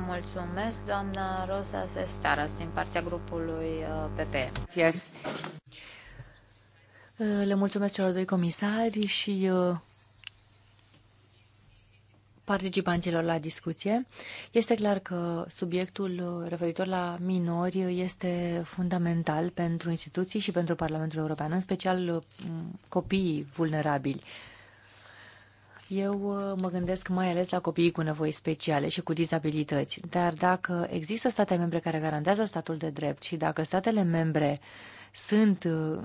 Mulțumesc, doamna Rosa Sestaras, din partea grupului PP. Uh, yes. Uh, le mulțumesc celor doi comisari și participanților la discuție. Este clar că subiectul referitor la minori este fundamental pentru instituții și pentru Parlamentul European, în special mm, copiii vulnerabili. Eu uh, mă gândesc mai ales la copiii cu nevoi speciale și cu dizabilități, dar dacă există state membre care garantează statul de drept și dacă statele membre sunt uh,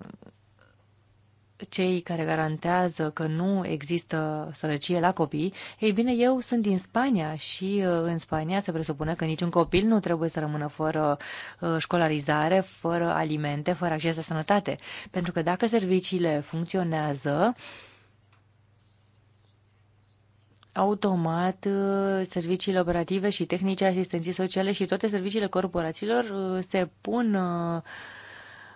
cei care garantează că nu există sărăcie la copii, ei bine, eu sunt din Spania și uh, în Spania se presupune că niciun copil nu trebuie să rămână fără uh, școlarizare, fără alimente, fără acces la sănătate. Pentru că dacă serviciile funcționează, automat uh, serviciile operative și tehnice, asistenții sociale și toate serviciile corporațiilor se pun uh,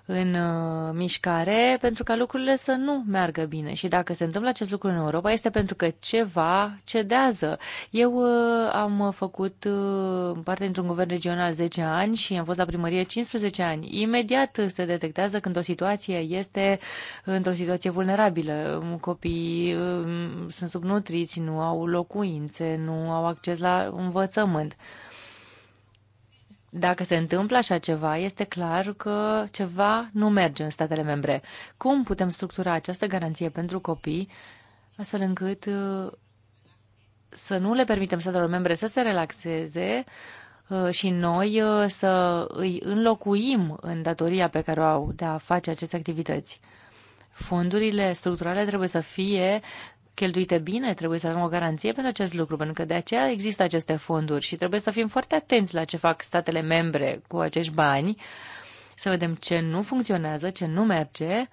în uh, mișcare pentru ca lucrurile să nu meargă bine. Și dacă se întâmplă acest lucru în Europa, este pentru că ceva cedează. Eu uh, am făcut uh, parte dintr-un guvern regional 10 ani și am fost la primărie 15 ani. Imediat se detectează când o situație este într-o situație vulnerabilă. Copiii sunt subnutriți, nu au locuințe, nu au acces la învățământ. Dacă se întâmplă așa ceva, este clar că ceva nu merge în statele membre. Cum putem structura această garanție pentru copii astfel încât uh, să nu le permitem statelor membre să se relaxeze uh, și noi uh, să îi înlocuim în datoria pe care o au de a face aceste activități. Fondurile structurale trebuie să fie cheltuite bine, trebuie să avem o garanție pentru acest lucru, pentru că de aceea există aceste fonduri și trebuie să fim foarte atenți la ce fac statele membre cu acești bani, să vedem ce nu funcționează, ce nu merge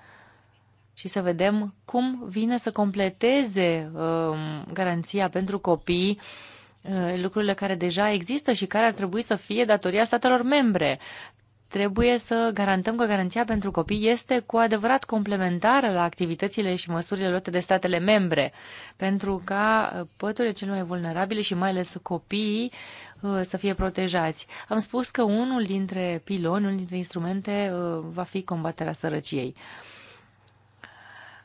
și să vedem cum vine să completeze um, garanția pentru copii uh, lucrurile care deja există și care ar trebui să fie datoria statelor membre trebuie să garantăm că garanția pentru copii este cu adevărat complementară la activitățile și măsurile luate de statele membre, pentru ca uh, păturile cele mai vulnerabile și mai ales copiii uh, să fie protejați. Am spus că unul dintre piloni, unul dintre instrumente uh, va fi combaterea sărăciei.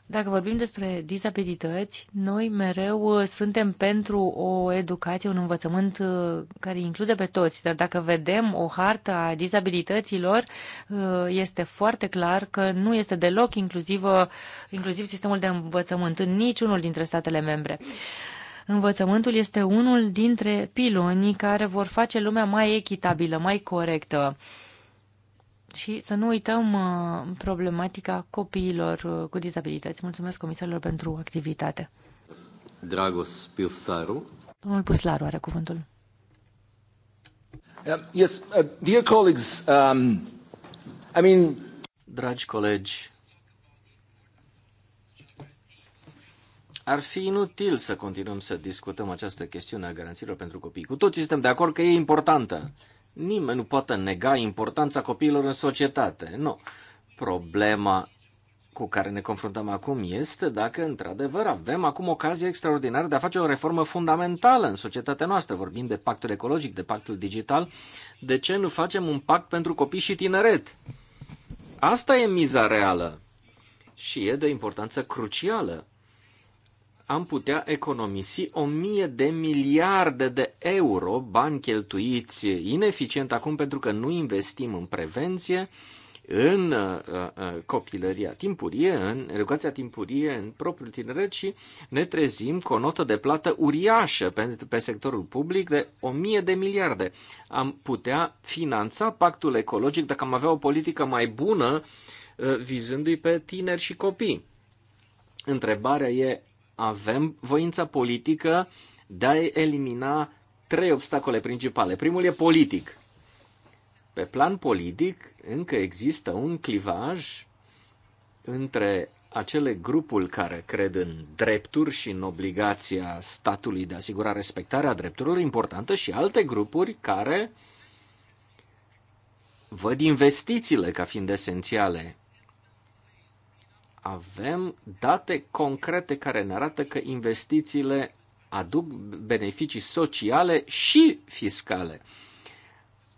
Dacă vorbim despre dizabilități, noi mereu uh, suntem pentru o educație, un învățământ uh, care include pe toți, dar dacă vedem o hartă a dizabilităților, uh, este foarte clar că nu este deloc inclusivă, inclusiv sistemul de învățământ în niciunul dintre statele membre. Învățământul este unul dintre pilonii care vor face lumea mai echitabilă, mai corectă și să nu uităm uh, problematica copiilor uh, cu dizabilități. Mulțumesc comisarilor pentru activitate. Dragos Pilsaru. Domnul Puslaru are cuvântul. Uh, yes, uh, dear colleagues, um, I mean... Dragi colegi, ar fi inutil să continuăm să discutăm această chestiune a garanțiilor pentru copii. Cu toții suntem de acord că e importantă. Nimeni nu poate nega importanța copiilor în societate. Nu. Problema cu care ne confruntăm acum este dacă, într-adevăr, avem acum ocazia extraordinară de a face o reformă fundamentală în societatea noastră. Vorbim de pactul ecologic, de pactul digital. De ce nu facem un pact pentru copii și tineret? Asta e miza reală și e de importanță crucială am putea economisi o mie de miliarde de euro bani cheltuiți ineficient acum pentru că nu investim în prevenție, în uh, uh, uh, copilăria timpurie, în educația timpurie, în propriul tineret și ne trezim cu o notă de plată uriașă pe, pe sectorul public de o mie de miliarde. Am putea finanța pactul ecologic dacă am avea o politică mai bună uh, vizându-i pe tineri și copii. Întrebarea e avem voința politică de a elimina trei obstacole principale. Primul e politic. Pe plan politic, încă există un clivaj între acele grupul care cred în drepturi și în obligația statului de a asigura respectarea drepturilor importantă și alte grupuri care văd investițiile ca fiind esențiale avem date concrete care ne arată că investițiile aduc beneficii sociale și fiscale.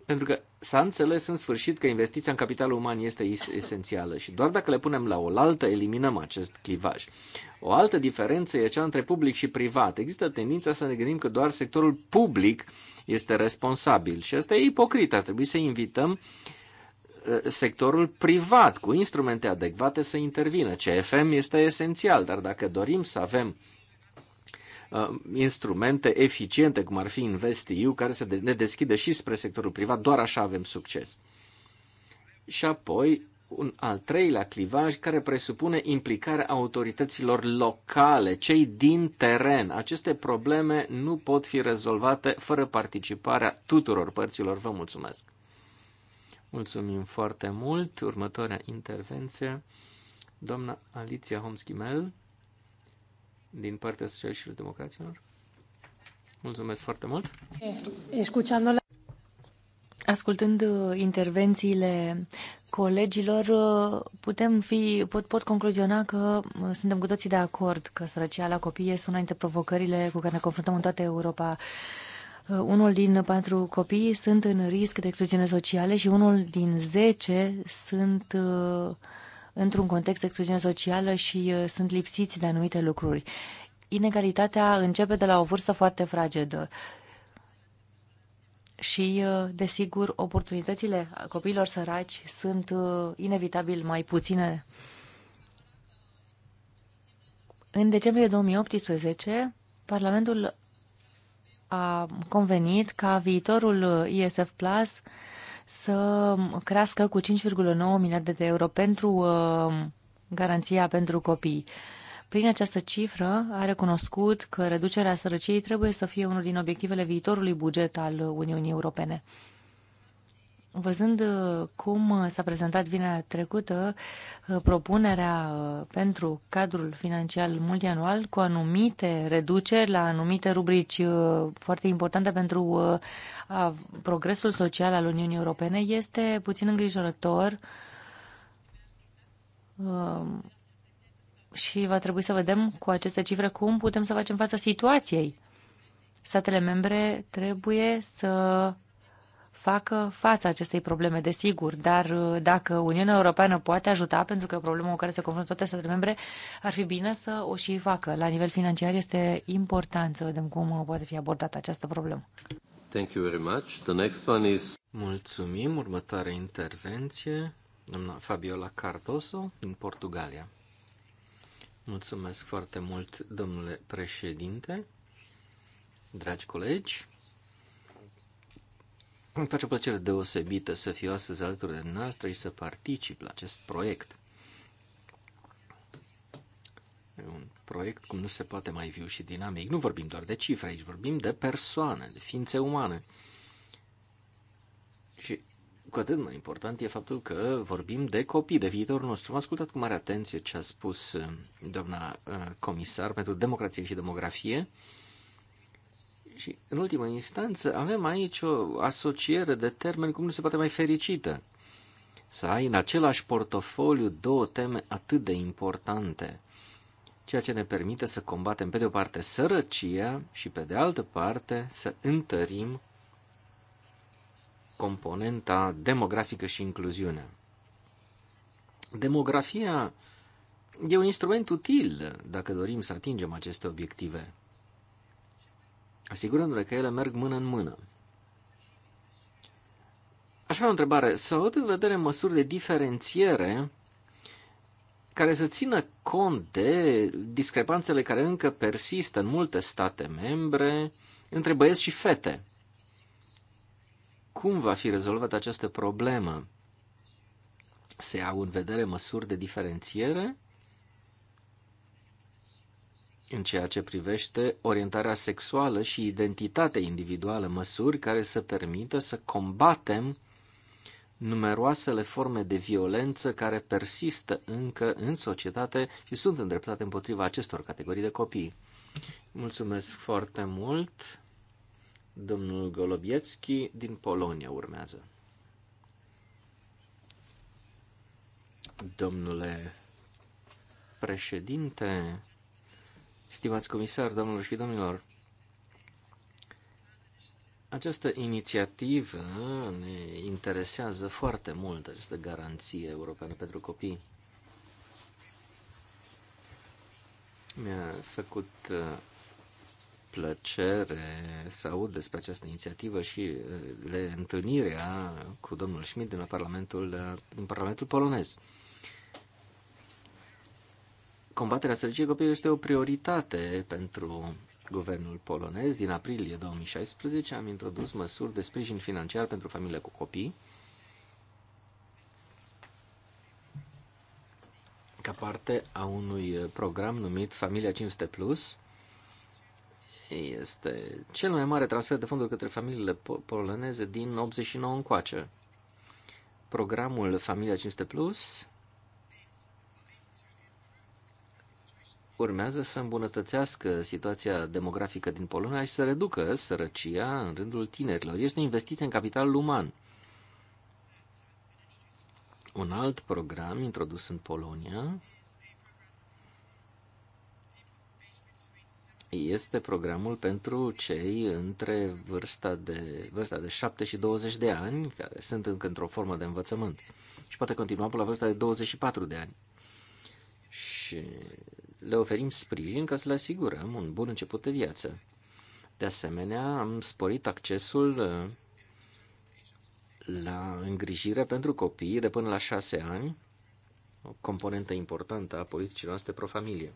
Pentru că s-a înțeles în sfârșit că investiția în capitalul uman este esențială și doar dacă le punem la oaltă eliminăm acest clivaj. O altă diferență e cea între public și privat. Există tendința să ne gândim că doar sectorul public este responsabil și asta e ipocrit. Ar trebui să invităm sectorul privat cu instrumente adecvate să intervină. CFM este esențial, dar dacă dorim să avem uh, instrumente eficiente, cum ar fi InvestEU, care să ne deschidă și spre sectorul privat, doar așa avem succes. Și apoi, un al treilea clivaj care presupune implicarea autorităților locale, cei din teren. Aceste probleme nu pot fi rezolvate fără participarea tuturor părților. Vă mulțumesc! Mulțumim foarte mult. Următoarea intervenție, doamna Alicia Homskimel din partea Socialiștilor Democraților. Mulțumesc foarte mult. Ascultând uh, intervențiile colegilor, uh, putem fi, pot, pot concluziona că uh, suntem cu toții de acord că sărăcia la copii este una dintre provocările cu care ne confruntăm în toată Europa Uh, unul din patru copii sunt în risc de excluziune socială și unul din zece sunt uh, într-un context de excluziune socială și uh, sunt lipsiți de anumite lucruri. Inegalitatea începe de la o vârstă foarte fragedă și, desigur, oportunitățile copiilor săraci sunt inevitabil mai puține. În decembrie 2018, Parlamentul a convenit ca viitorul ISF Plus să crească cu 5,9 miliarde de euro pentru uh, garanția pentru copii. Prin această cifră a recunoscut că reducerea sărăciei trebuie să fie unul din obiectivele viitorului buget al Uniunii Europene. Văzând uh, cum uh, s-a prezentat vinerea trecută uh, propunerea pentru cadrul financiar multianual cu anumite reduceri la anumite rubrici foarte importante pentru progresul social al Uniunii Europene, este puțin îngrijorător um, și va trebui să vedem cu aceste cifre cum putem să facem față situației. Statele membre trebuie să facă față acestei probleme, desigur, dar uh, dacă Uniunea Europeană poate ajuta, pentru că problema cu care se confruntă toate statele membre, ar fi bine să o și facă. La nivel financiar este important să vedem cum uh, poate fi abordată această problemă. Thank you very much. The next one is... Mulțumim. Următoarea intervenție, doamna Fabiola Cardoso, din Portugalia. Mulțumesc foarte mult, domnule președinte, dragi colegi. Îmi face plăcere deosebită să fiu astăzi alături de noastră și să particip la acest proiect. E un proiect cum nu se poate mai viu și dinamic. Nu vorbim doar de cifre aici, vorbim de persoane, de ființe umane. Și cu atât mai important e faptul că vorbim de copii, de viitorul nostru. am ascultat cu mare atenție ce a spus eh, doamna eh, comisar pentru democrație și demografie și, în ultimă instanță, avem aici o asociere de termeni cum nu se poate mai fericită. Să ai în același portofoliu două teme atât de importante, ceea ce ne permite să combatem, pe de o parte, sărăcia și, pe de altă parte, să întărim componenta demografică și incluziunea. Demografia e un instrument util dacă dorim să atingem aceste obiective asigurându-ne că ele merg mână în mână. Aș o întrebare. Să avut în vedere măsuri de diferențiere care să țină cont de discrepanțele care încă persistă în multe state membre între băieți și fete. Cum va fi rezolvată această problemă? Se au în vedere măsuri de diferențiere în ceea ce privește orientarea sexuală și identitatea individuală, măsuri care să permită să combatem numeroasele forme de violență care persistă încă în societate și sunt îndreptate împotriva acestor categorii de copii. Mulțumesc foarte mult. Domnul Golobiecki din Polonia urmează. Domnule președinte, Stimați comisari, domnilor și domnilor, această inițiativă ne interesează foarte mult, această garanție europeană pentru copii. Mi-a făcut uh, plăcere să aud despre această inițiativă și uh, le întâlnirea cu domnul Schmidt din Parlamentul, uh, din Parlamentul polonez. Combaterea sărăciei copiilor este o prioritate pentru guvernul polonez. Din aprilie 2016 am introdus măsuri de sprijin financiar pentru familiile cu copii. ca parte a unui program numit Familia 500 Plus. Este cel mai mare transfer de fonduri către familiile poloneze din 89 încoace. Programul Familia 500 Plus urmează să îmbunătățească situația demografică din Polonia și să reducă sărăcia în rândul tinerilor. Este o investiție în capitalul uman. Un alt program introdus în Polonia este programul pentru cei între vârsta de, vârsta de 7 și 20 de ani, care sunt încă într-o formă de învățământ și poate continua până la vârsta de 24 de ani. Și le oferim sprijin ca să le asigurăm un bun început de viață. De asemenea, am sporit accesul uh, la îngrijire pentru copii de până la șase ani, o componentă importantă a politicii noastre pro-familie.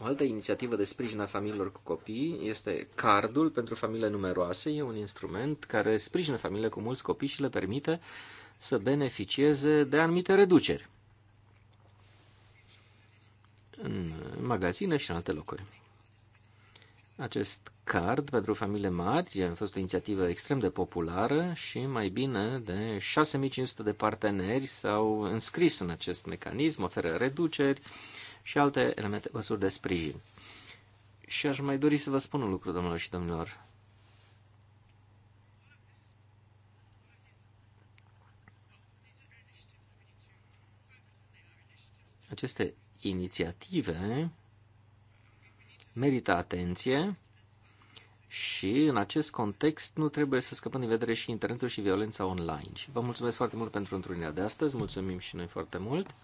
O altă inițiativă de sprijin a familiilor cu copii este cardul pentru familiile numeroase. E un instrument care sprijină familiile cu mulți copii și le permite să beneficieze de anumite reduceri în magazine și în alte locuri. Acest card pentru familie mari a fost o inițiativă extrem de populară și mai bine de 6500 de parteneri s-au înscris în acest mecanism, oferă reduceri și alte elemente, măsuri de sprijin. Și aș mai dori să vă spun un lucru, domnilor și domnilor. Aceste inițiative merită atenție și în acest context nu trebuie să scăpăm din vedere și internetul și violența online. Și vă mulțumesc foarte mult pentru întrunirea de astăzi, mulțumim și noi foarte mult.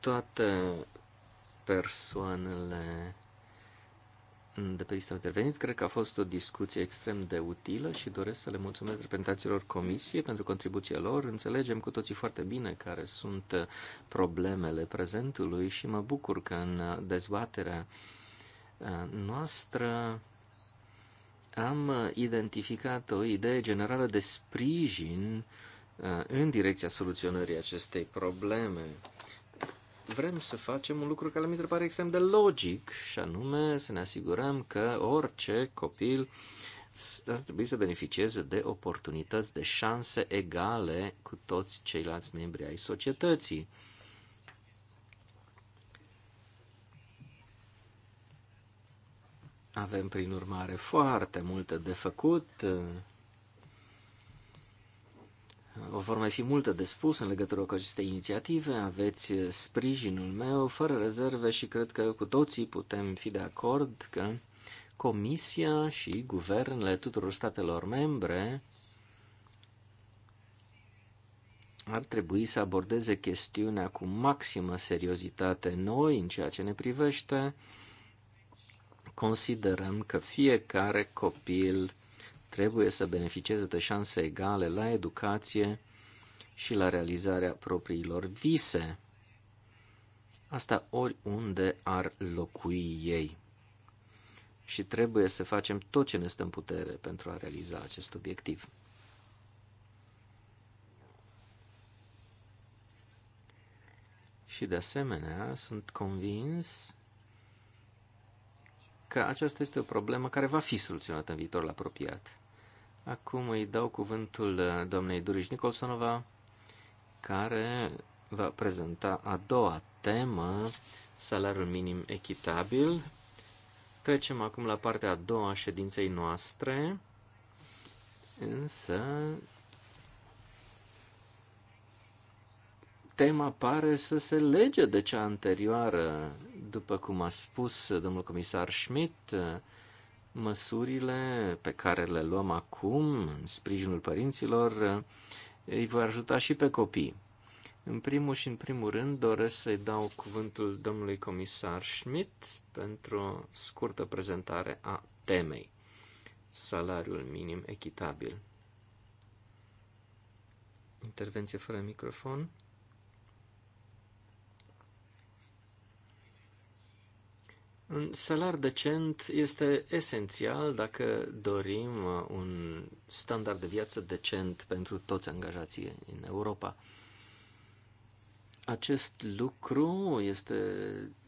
Toate persoanele de pe lista intervenit. Cred că a fost o discuție extrem de utilă și doresc să le mulțumesc reprezentanților comisiei pentru contribuția lor. Înțelegem cu toții foarte bine care sunt problemele prezentului și mă bucur că în dezbaterea uh, noastră am identificat o idee generală de sprijin uh, în direcția soluționării acestei probleme vrem să facem un lucru care mi se pare extrem de logic, și anume să ne asigurăm că orice copil ar trebui să beneficieze de oportunități, de șanse egale cu toți ceilalți membri ai societății. Avem, prin urmare, foarte multe de făcut Vă vor mai fi multe de spus în legătură cu aceste inițiative, aveți sprijinul meu fără rezerve și cred că cu toții putem fi de acord că Comisia și guvernele tuturor statelor membre ar trebui să abordeze chestiunea cu maximă seriozitate noi în ceea ce ne privește. Considerăm că fiecare copil trebuie să beneficieze de șanse egale la educație și la realizarea propriilor vise. Asta oriunde ar locui ei. Și trebuie să facem tot ce ne stă în putere pentru a realiza acest obiectiv. Și de asemenea, sunt convins că aceasta este o problemă care va fi soluționată în viitorul apropiat. Acum îi dau cuvântul uh, doamnei Duriș Nicolsonova, care va prezenta a doua temă, salariul minim echitabil. Trecem acum la partea a doua a ședinței noastre, însă tema pare să se lege de cea anterioară. După cum a spus domnul comisar Schmidt, măsurile pe care le luăm acum în sprijinul părinților îi vor ajuta și pe copii. În primul și în primul rând doresc să-i dau cuvântul domnului comisar Schmidt pentru o scurtă prezentare a temei. Salariul minim echitabil. Intervenție fără microfon. Un salar decent este esențial dacă dorim uh, un standard de viață decent pentru toți angajații în Europa. Acest lucru este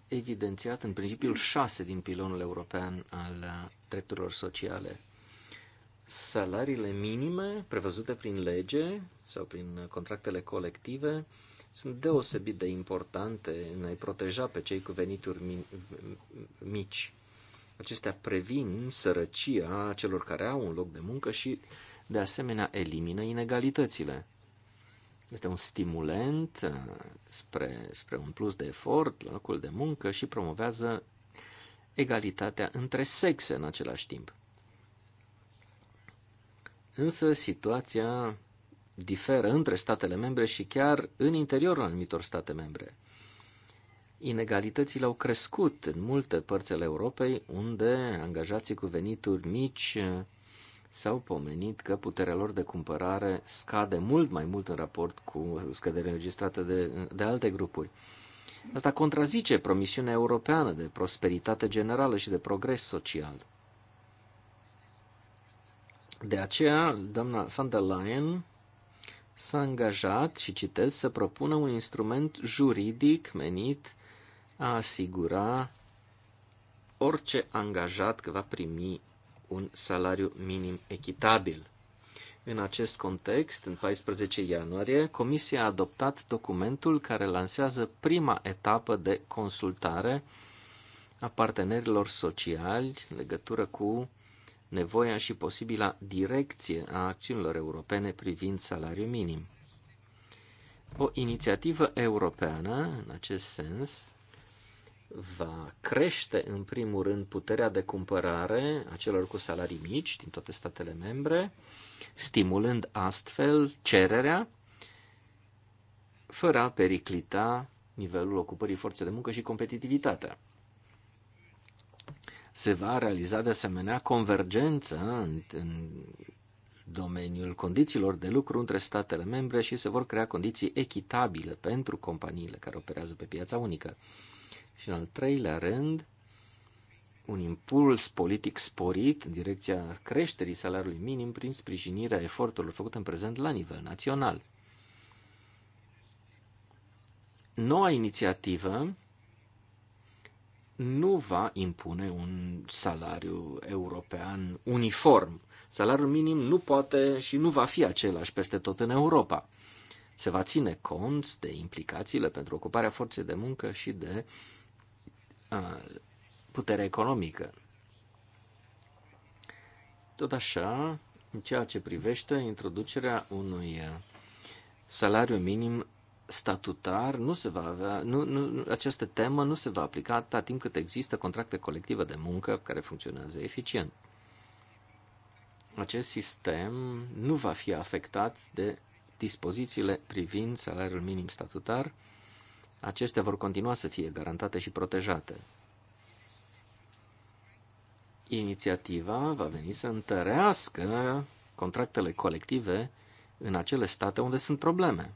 evidențiat în principiul 6 din pilonul european al uh, drepturilor sociale. Salariile minime prevăzute prin lege sau prin uh, contractele colective sunt deosebit de importante în a-i proteja pe cei cu venituri mici. Acestea previn sărăcia celor care au un loc de muncă și, de asemenea, elimină inegalitățile. Este un stimulent uh, spre, spre un plus de efort la locul de muncă și promovează egalitatea între sexe în același timp. Însă situația diferă între statele membre și chiar în interiorul anumitor state membre. Inegalitățile au crescut în multe părți ale Europei, unde angajații cu venituri mici eh, s-au pomenit că puterea lor de cumpărare scade mult mai mult în raport cu scăderea înregistrată de, de alte grupuri. Asta contrazice promisiunea europeană de prosperitate generală și de progres social. De aceea, doamna van der Leyen s-a angajat, și citez, să propună un instrument juridic menit a asigura orice angajat că va primi un salariu minim echitabil. În acest context, în 14 ianuarie, Comisia a adoptat documentul care lansează prima etapă de consultare a partenerilor sociali în legătură cu nevoia și posibila direcție a acțiunilor europene privind salariul minim. O inițiativă europeană, în acest sens, va crește, în primul rând, puterea de cumpărare a celor cu salarii mici din toate statele membre, stimulând astfel cererea, fără a periclita nivelul ocupării forței de muncă și competitivitatea se va realiza de asemenea convergență în, în domeniul condițiilor de lucru între statele membre și se vor crea condiții echitabile pentru companiile care operează pe piața unică. Și în al treilea rând, un impuls politic sporit în direcția creșterii salariului minim prin sprijinirea eforturilor făcute în prezent la nivel național. Noua inițiativă nu va impune un salariu european uniform. Salariul minim nu poate și nu va fi același peste tot în Europa. Se va ține cont de implicațiile pentru ocuparea forței de muncă și de a, putere economică. Tot așa, în ceea ce privește introducerea unui salariu minim statutar nu se va avea, nu, nu, această temă nu se va aplica atâta timp cât există contracte colective de muncă care funcționează eficient. Acest sistem nu va fi afectat de dispozițiile privind salariul minim statutar. Acestea vor continua să fie garantate și protejate. Inițiativa va veni să întărească contractele colective în acele state unde sunt probleme.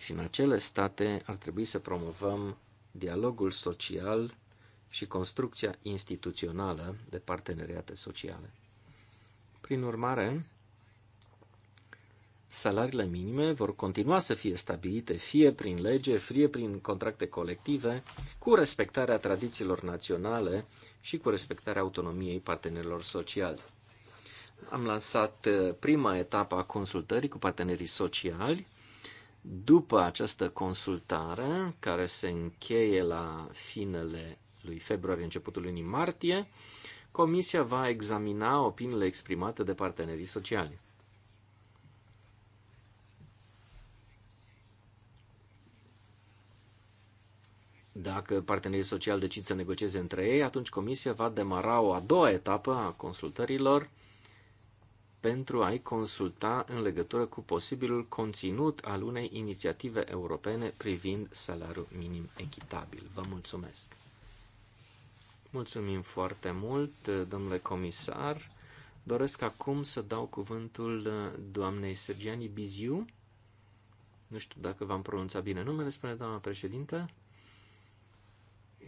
Și în acele state ar trebui să promovăm dialogul social și construcția instituțională de parteneriate sociale. Prin urmare, salariile minime vor continua să fie stabilite fie prin lege, fie prin contracte colective, cu respectarea tradițiilor naționale și cu respectarea autonomiei partenerilor sociali. Am lansat uh, prima etapă a consultării cu partenerii sociali după această consultare, care se încheie la finele lui februarie, începutul lunii martie, Comisia va examina opiniile exprimate de partenerii sociali. Dacă partenerii sociali decid să negocieze între ei, atunci Comisia va demara o a doua etapă a consultărilor pentru a-i consulta în legătură cu posibilul conținut al unei inițiative europene privind salariul minim echitabil. Vă mulțumesc! Mulțumim foarte mult, domnule comisar. Doresc acum să dau cuvântul doamnei Sergiani Biziu. Nu știu dacă v-am pronunțat bine numele, spune doamna președintă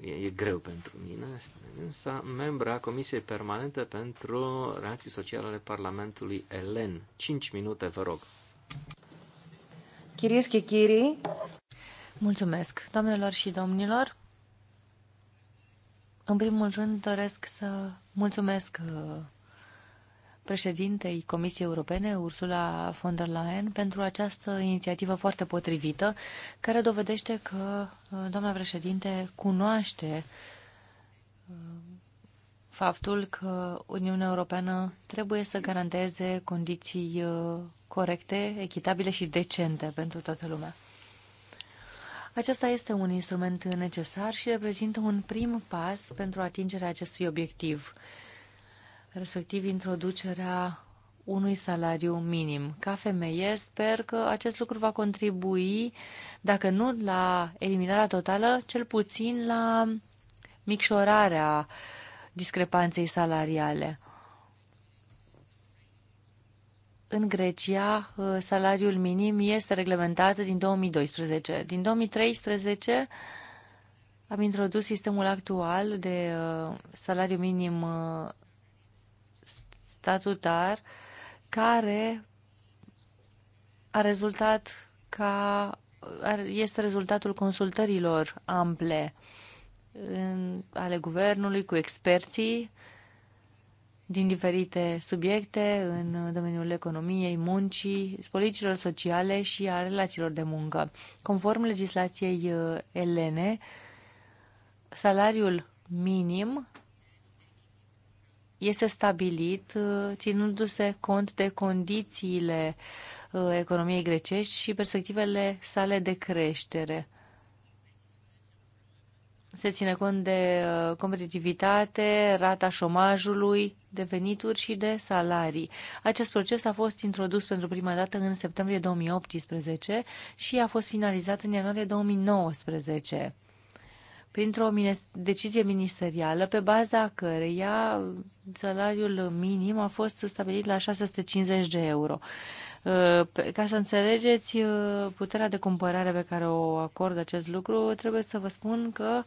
e, e greu pentru mine, spune însă, membra Comisiei Permanente pentru Relații Sociale ale Parlamentului Elen. 5 minute, vă rog. Chiris Chiri. Mulțumesc, doamnelor și domnilor. În primul rând doresc să mulțumesc uh, președintei Comisiei Europene, Ursula von der Leyen, pentru această inițiativă foarte potrivită, care dovedește că uh, doamna președinte cunoaște uh, faptul că Uniunea Europeană trebuie să garanteze condiții uh, corecte, echitabile și decente pentru toată lumea. Acesta este un instrument necesar și reprezintă un prim pas pentru atingerea acestui obiectiv respectiv introducerea unui salariu minim. Ca femeie, sper că acest lucru va contribui, dacă nu la eliminarea totală, cel puțin la micșorarea discrepanței salariale. În Grecia, ă, salariul minim este reglementat din 2012. Din 2013 am introdus sistemul actual de ă, salariu minim ă, statutar care a rezultat ca este rezultatul consultărilor ample în, ale guvernului cu experții din diferite subiecte în domeniul economiei, muncii, politicilor sociale și a relațiilor de muncă. Conform legislației uh, elene, salariul minim este stabilit uh, ținându-se cont de condițiile uh, economiei grecești și perspectivele sale de creștere. Se ține cont de uh, competitivitate, rata șomajului, de venituri și de salarii. Acest proces a fost introdus pentru prima dată în septembrie 2018 și a fost finalizat în ianuarie 2019 printr-o decizie ministerială pe baza căreia salariul minim a fost stabilit la 650 de euro. Uh, ca să înțelegeți uh, puterea de cumpărare pe care o acordă acest lucru, trebuie să vă spun că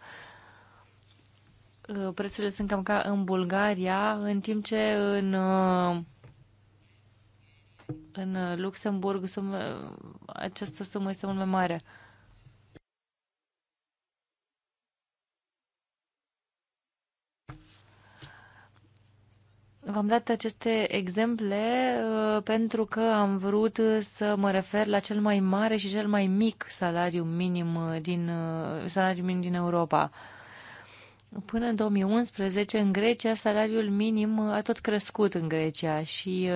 uh, prețurile sunt cam ca în Bulgaria, în timp ce în, în Luxemburg sumă, această sumă este mult mai mare. V-am dat aceste exemple uh, pentru că am vrut să mă refer la cel mai mare și cel mai mic salariu minim uh, din, uh, salariu minim din Europa. Până în 2011, în Grecia, salariul minim a tot crescut în Grecia și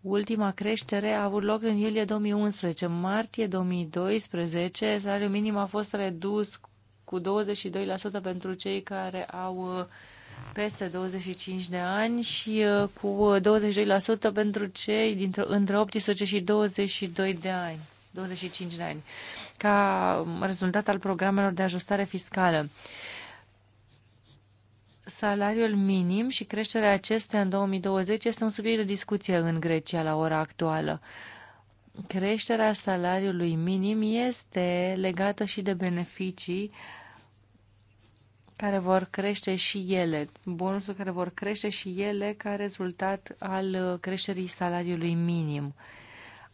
ultima creștere a avut loc în iulie 2011. În martie 2012, salariul minim a fost redus cu 22% pentru cei care au uh, peste 25 de ani și uh, cu 22% uh, pentru cei dintre, între 18 și 22 de ani, 25 de ani, ca um, rezultat al programelor de ajustare fiscală. Salariul minim și creșterea acestea în 2020 este un subiect de discuție în Grecia la ora actuală. Creșterea salariului minim este legată și de beneficii uh, care vor crește și ele, bonusuri care vor crește și ele ca rezultat al uh, creșterii salariului minim.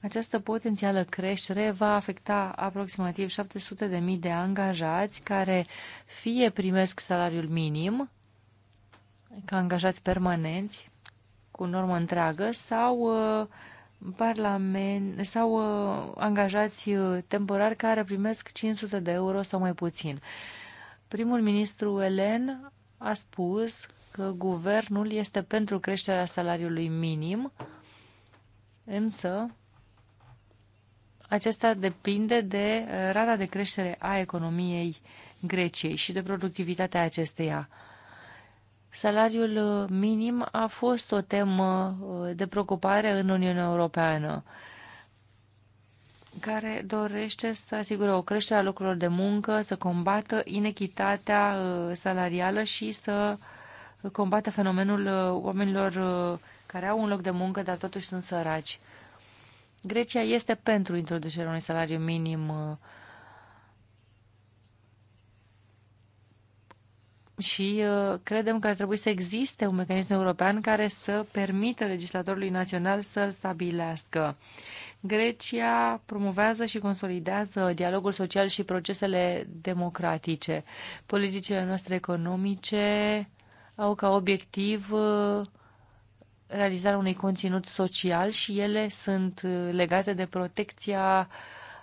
Această potențială creștere va afecta aproximativ 700.000 de angajați care fie primesc salariul minim ca angajați permanenți cu normă întreagă sau uh, parlament sau uh, angajați uh, temporari care primesc 500 de euro sau mai puțin. Primul ministru Elen a spus că guvernul este pentru creșterea salariului minim, însă acesta depinde de uh, rata de creștere a economiei Greciei și de productivitatea acesteia. Salariul uh, minim a fost o temă uh, de preocupare în Uniunea Europeană care dorește să asigure o creștere a locurilor de muncă, să combată inechitatea uh, salarială și să combată fenomenul uh, oamenilor uh, care au un loc de muncă, dar totuși sunt săraci. Grecia este pentru introducerea unui salariu minim și credem că ar trebui să existe un mecanism european care să permită legislatorului național să-l stabilească. Grecia promovează și consolidează dialogul social și procesele democratice. Politicile noastre economice au ca obiectiv uh, realizarea unui conținut social și ele sunt uh, legate de protecția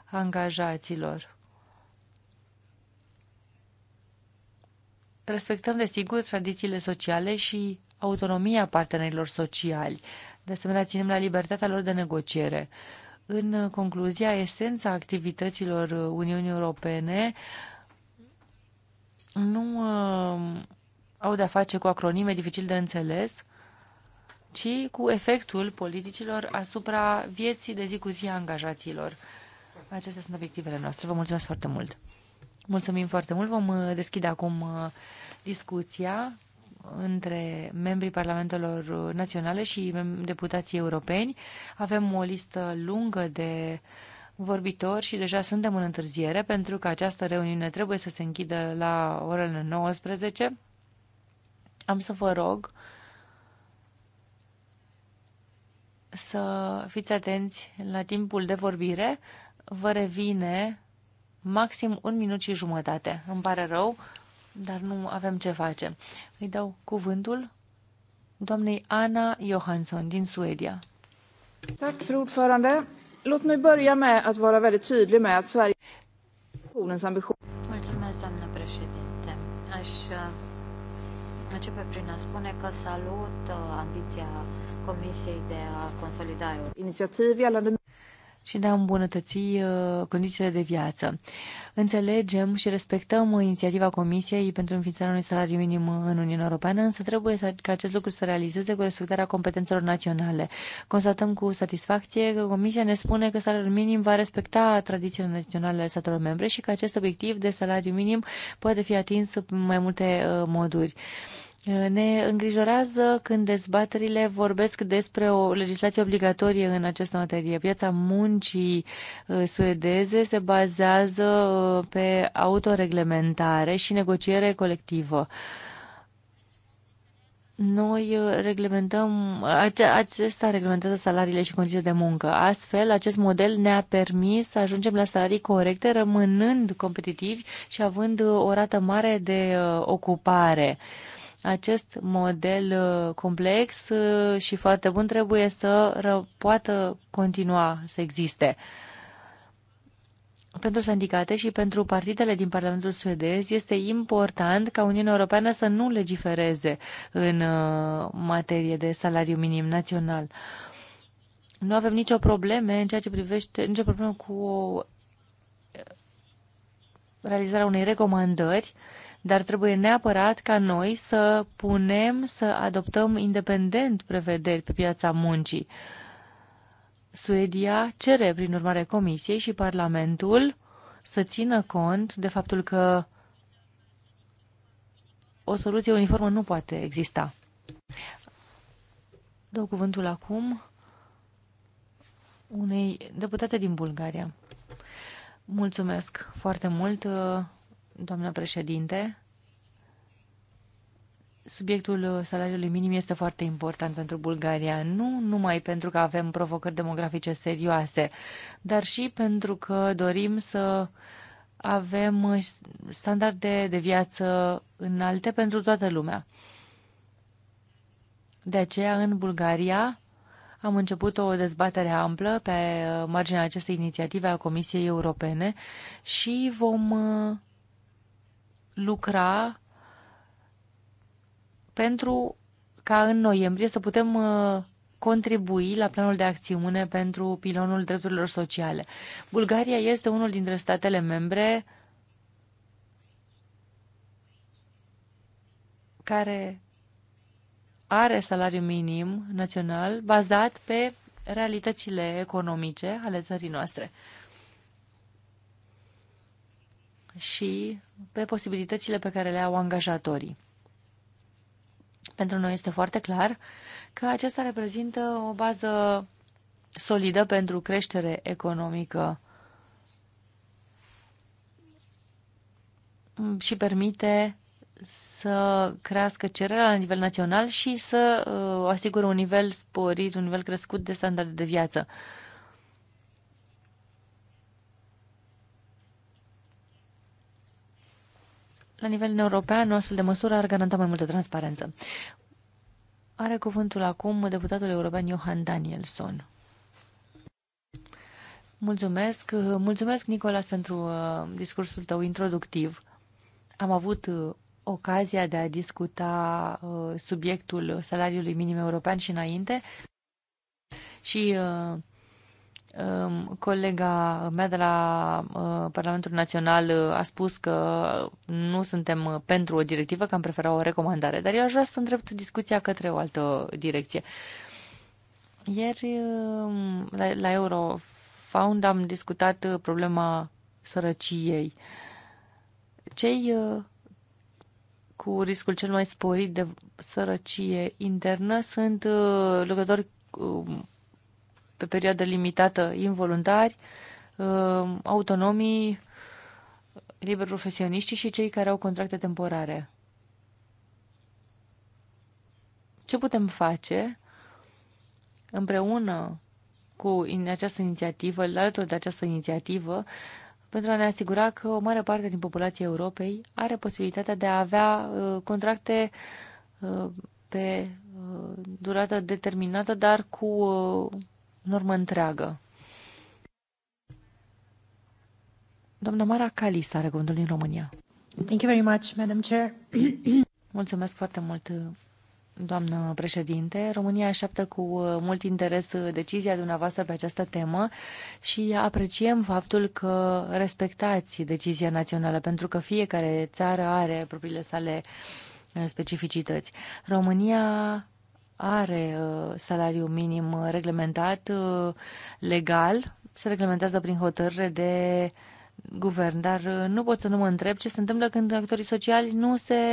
angajaților. Respectăm, desigur, tradițiile sociale și autonomia partenerilor sociali. De asemenea, ținem la libertatea lor de negociere. În concluzia, esența activităților Uniunii Europene nu uh, au de-a face cu acronime dificil de înțeles, ci cu efectul politicilor asupra vieții de zi cu zi a angajaților. Acestea sunt obiectivele noastre. Vă mulțumesc foarte mult! Mulțumim foarte mult! Vom uh, deschide acum uh, discuția între membrii parlamentelor naționale și deputații europeni. Avem o listă lungă de vorbitori și deja suntem în întârziere pentru că această reuniune trebuie să se închidă la orele 19. Am să vă rog să fiți atenți la timpul de vorbire. Vă revine maxim un minut și jumătate. Îmi pare rău, dar nu avem ce face. Îi dau cuvântul doamnei Ana Johansson din Suedia. Tack, fru ordförande. Låt mig börja med att vara väldigt tydlig med att Sverige ambition. Mulțumesc, doamnă președinte. Aș uh, începe prin a spune că salut uh, ambiția Comisiei de a consolida Inițiativ gällande și de a îmbunătăți uh, condițiile de viață. Înțelegem și respectăm inițiativa Comisiei pentru înființarea unui salariu minim în Uniunea Europeană, însă trebuie să, ca acest lucru să se realizeze cu respectarea competențelor naționale. Constatăm cu satisfacție că Comisia ne spune că salariul minim va respecta tradițiile naționale ale statelor membre și că acest obiectiv de salariu minim poate fi atins în mai multe uh, moduri. Ne îngrijorează când dezbaterile vorbesc despre o legislație obligatorie în această materie. Piața muncii uh, suedeze se bazează uh, pe autoreglementare și negociere colectivă. Noi uh, reglementăm, acesta reglementează salariile și condițiile de muncă. Astfel, acest model ne-a permis să ajungem la salarii corecte, rămânând competitivi și având o rată mare de ocupare. Acest model uh, complex uh, și foarte bun trebuie să poată continua să existe. Pentru sindicate și pentru partidele din Parlamentul suedez este important ca Uniunea Europeană să nu legifereze în uh, materie de salariu minim național. Nu avem nicio problemă în ceea ce privește, nicio problemă cu realizarea unei recomandări dar trebuie neapărat ca noi să punem, să adoptăm independent prevederi pe piața muncii. Suedia cere, prin urmare, Comisiei și Parlamentul să țină cont de faptul că o soluție uniformă nu poate exista. Dau cuvântul acum unei deputate din Bulgaria. Mulțumesc foarte mult doamnă președinte. Subiectul salariului minim este foarte important pentru Bulgaria, nu numai pentru că avem provocări demografice serioase, dar și pentru că dorim să avem standarde de viață înalte pentru toată lumea. De aceea, în Bulgaria, am început o dezbatere amplă pe marginea acestei inițiative a Comisiei Europene și vom lucra pentru ca în noiembrie să putem uh, contribui la planul de acțiune pentru pilonul drepturilor sociale. Bulgaria este unul dintre statele membre care are salariu minim național bazat pe realitățile economice ale țării noastre și pe posibilitățile pe care le au angajatorii. Pentru noi este foarte clar că acesta reprezintă o bază solidă pentru creștere economică și permite să crească cererea la nivel național și să uh, asigure asigură un nivel sporit, un nivel crescut de standarde de viață. la nivel european, o astfel de măsură ar garanta mai multă transparență. Are cuvântul acum deputatul european Johan Danielson. Mulțumesc. Mulțumesc, Nicolas, pentru uh, discursul tău introductiv. Am avut uh, ocazia de a discuta uh, subiectul salariului minim european și înainte și Colega mea de la uh, Parlamentul Național uh, a spus că nu suntem pentru o directivă, că am preferat o recomandare, dar eu aș vrea să îndrept discuția către o altă direcție. Ieri um, la, la Eurofound am discutat uh, problema sărăciei. Cei cu riscul cel mai sporit de sărăcie internă sunt lucrători um, pe perioadă limitată involuntari, uh, autonomii, liber profesioniștii și cei care au contracte temporare. Ce putem face împreună cu această inițiativă, alături de această inițiativă, pentru a ne asigura că o mare parte din populația Europei are posibilitatea de a avea uh, contracte uh, pe durată determinată, dar cu normă întreagă. Doamna Mara Calis are cuvântul din România. Thank you very much, Madam Chair. Mulțumesc foarte mult, doamnă președinte. România așteaptă cu uh, mult interes uh, decizia dumneavoastră pe această temă și apreciem faptul că respectați decizia națională, pentru că fiecare țară are propriile sale uh, specificități. România are uh, salariu minim uh, reglementat uh, legal, se reglementează prin hotărâre de guvern, dar nu pot să nu mă întreb ce se întâmplă când actorii sociali nu se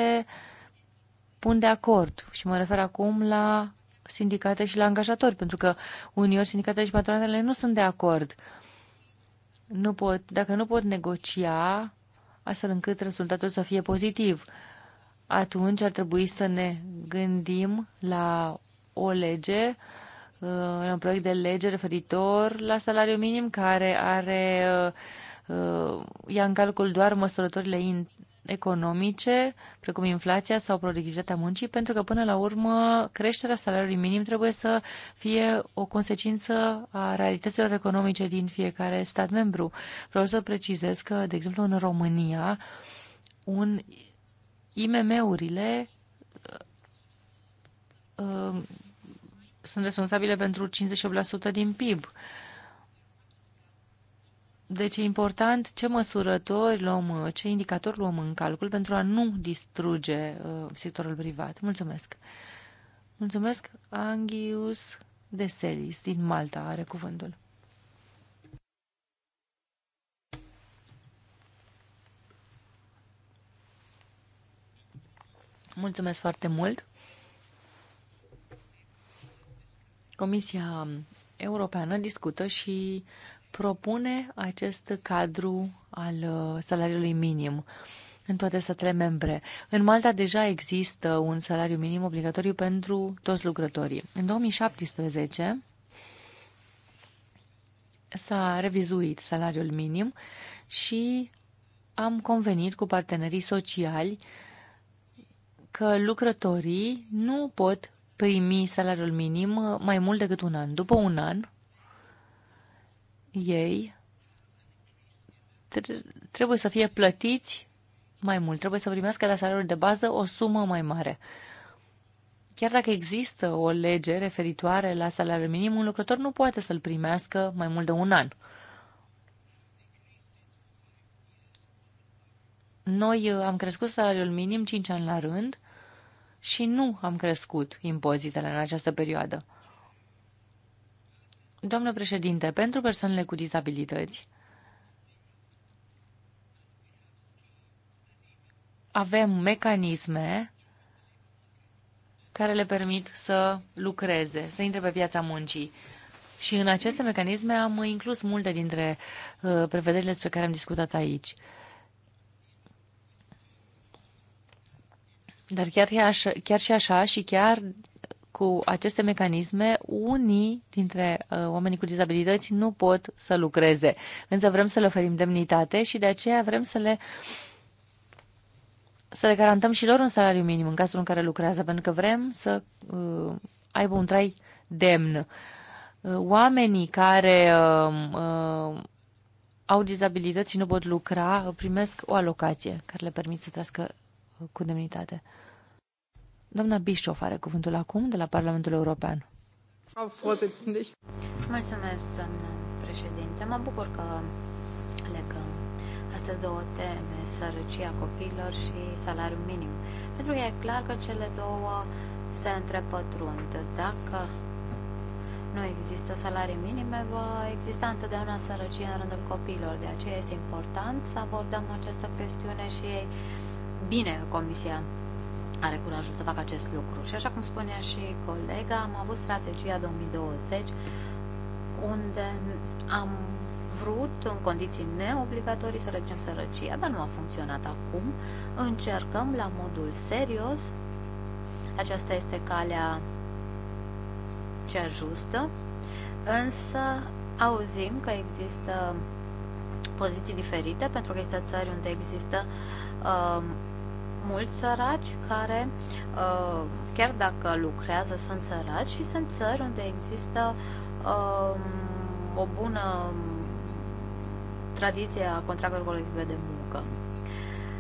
pun de acord. Și mă refer acum la sindicate și la angajatori, pentru că uneori sindicatele și patronatele nu sunt de acord. Nu pot, dacă nu pot negocia astfel încât rezultatul să fie pozitiv. Uh, atunci ar trebui să ne gândim la o lege, uh, un proiect de lege referitor la salariul minim care are uh, uh, ia în calcul doar măsurătorile economice, precum inflația sau productivitatea muncii, pentru că până la urmă creșterea salariului minim trebuie să fie o consecință a realităților economice din fiecare stat membru. Vreau să precizez că, de exemplu, în România, un IMM-urile uh, uh, sunt responsabile pentru 58% din PIB. Deci e important ce măsurători luăm, uh, ce indicatori luăm în calcul pentru a nu distruge uh, sectorul privat. Mulțumesc! Mulțumesc, Anghius Deselis din Malta are cuvântul. Mulțumesc foarte mult. Comisia Europeană discută și propune acest cadru al uh, salariului minim în toate statele membre. În Malta deja există un salariu minim obligatoriu pentru toți lucrătorii. În 2017 s-a revizuit salariul minim și am convenit cu partenerii sociali uh, că lucrătorii nu pot primi salariul minim uh, mai mult decât un an. După un an, ei trebuie să fie plătiți mai mult, trebuie să primească la salariul de bază o sumă mai mare. Chiar dacă există o lege referitoare la salariul minim, un lucrător nu poate să-l primească mai mult de un an. Noi uh, am crescut salariul minim 5 ani la rând și nu am crescut impozitele în această perioadă. Doamnă președinte, pentru persoanele cu dizabilități, avem mecanisme care le permit să lucreze, să intre pe piața muncii. Și în aceste mecanisme am inclus multe dintre uh, prevederile despre care am discutat aici. Dar chiar, așa, chiar și așa și chiar cu aceste mecanisme, unii dintre uh, oamenii cu dizabilități nu pot să lucreze. Însă vrem să le oferim demnitate și de aceea vrem să le să le garantăm și lor un salariu minim în cazul în care lucrează, pentru că vrem să uh, aibă un trai demn. Uh, oamenii care uh, uh, au dizabilități și nu pot lucra primesc o alocație care le permite să trăiască uh, cu demnitate. Doamna Bischoff are cuvântul acum de la Parlamentul European. Mulțumesc, doamnă președinte. Mă bucur că legăm astăzi două teme, sărăcia copiilor și salariul minim. Pentru că e clar că cele două se întrepătrund. Dacă nu există salarii minime, va exista întotdeauna sărăcie în rândul copiilor. De aceea este important să abordăm această chestiune și bine Comisia are curajul să facă acest lucru. Și așa cum spunea și colega, am avut strategia 2020 unde am vrut, în condiții neobligatorii, să reducem sărăcia, dar nu a funcționat acum. Încercăm la modul serios. Aceasta este calea cea justă, însă auzim că există poziții diferite, pentru că există țări unde există uh, mulți săraci care, uh, chiar dacă lucrează, sunt săraci și sunt țări unde există um, o bună tradiție a contractelor colective de muncă.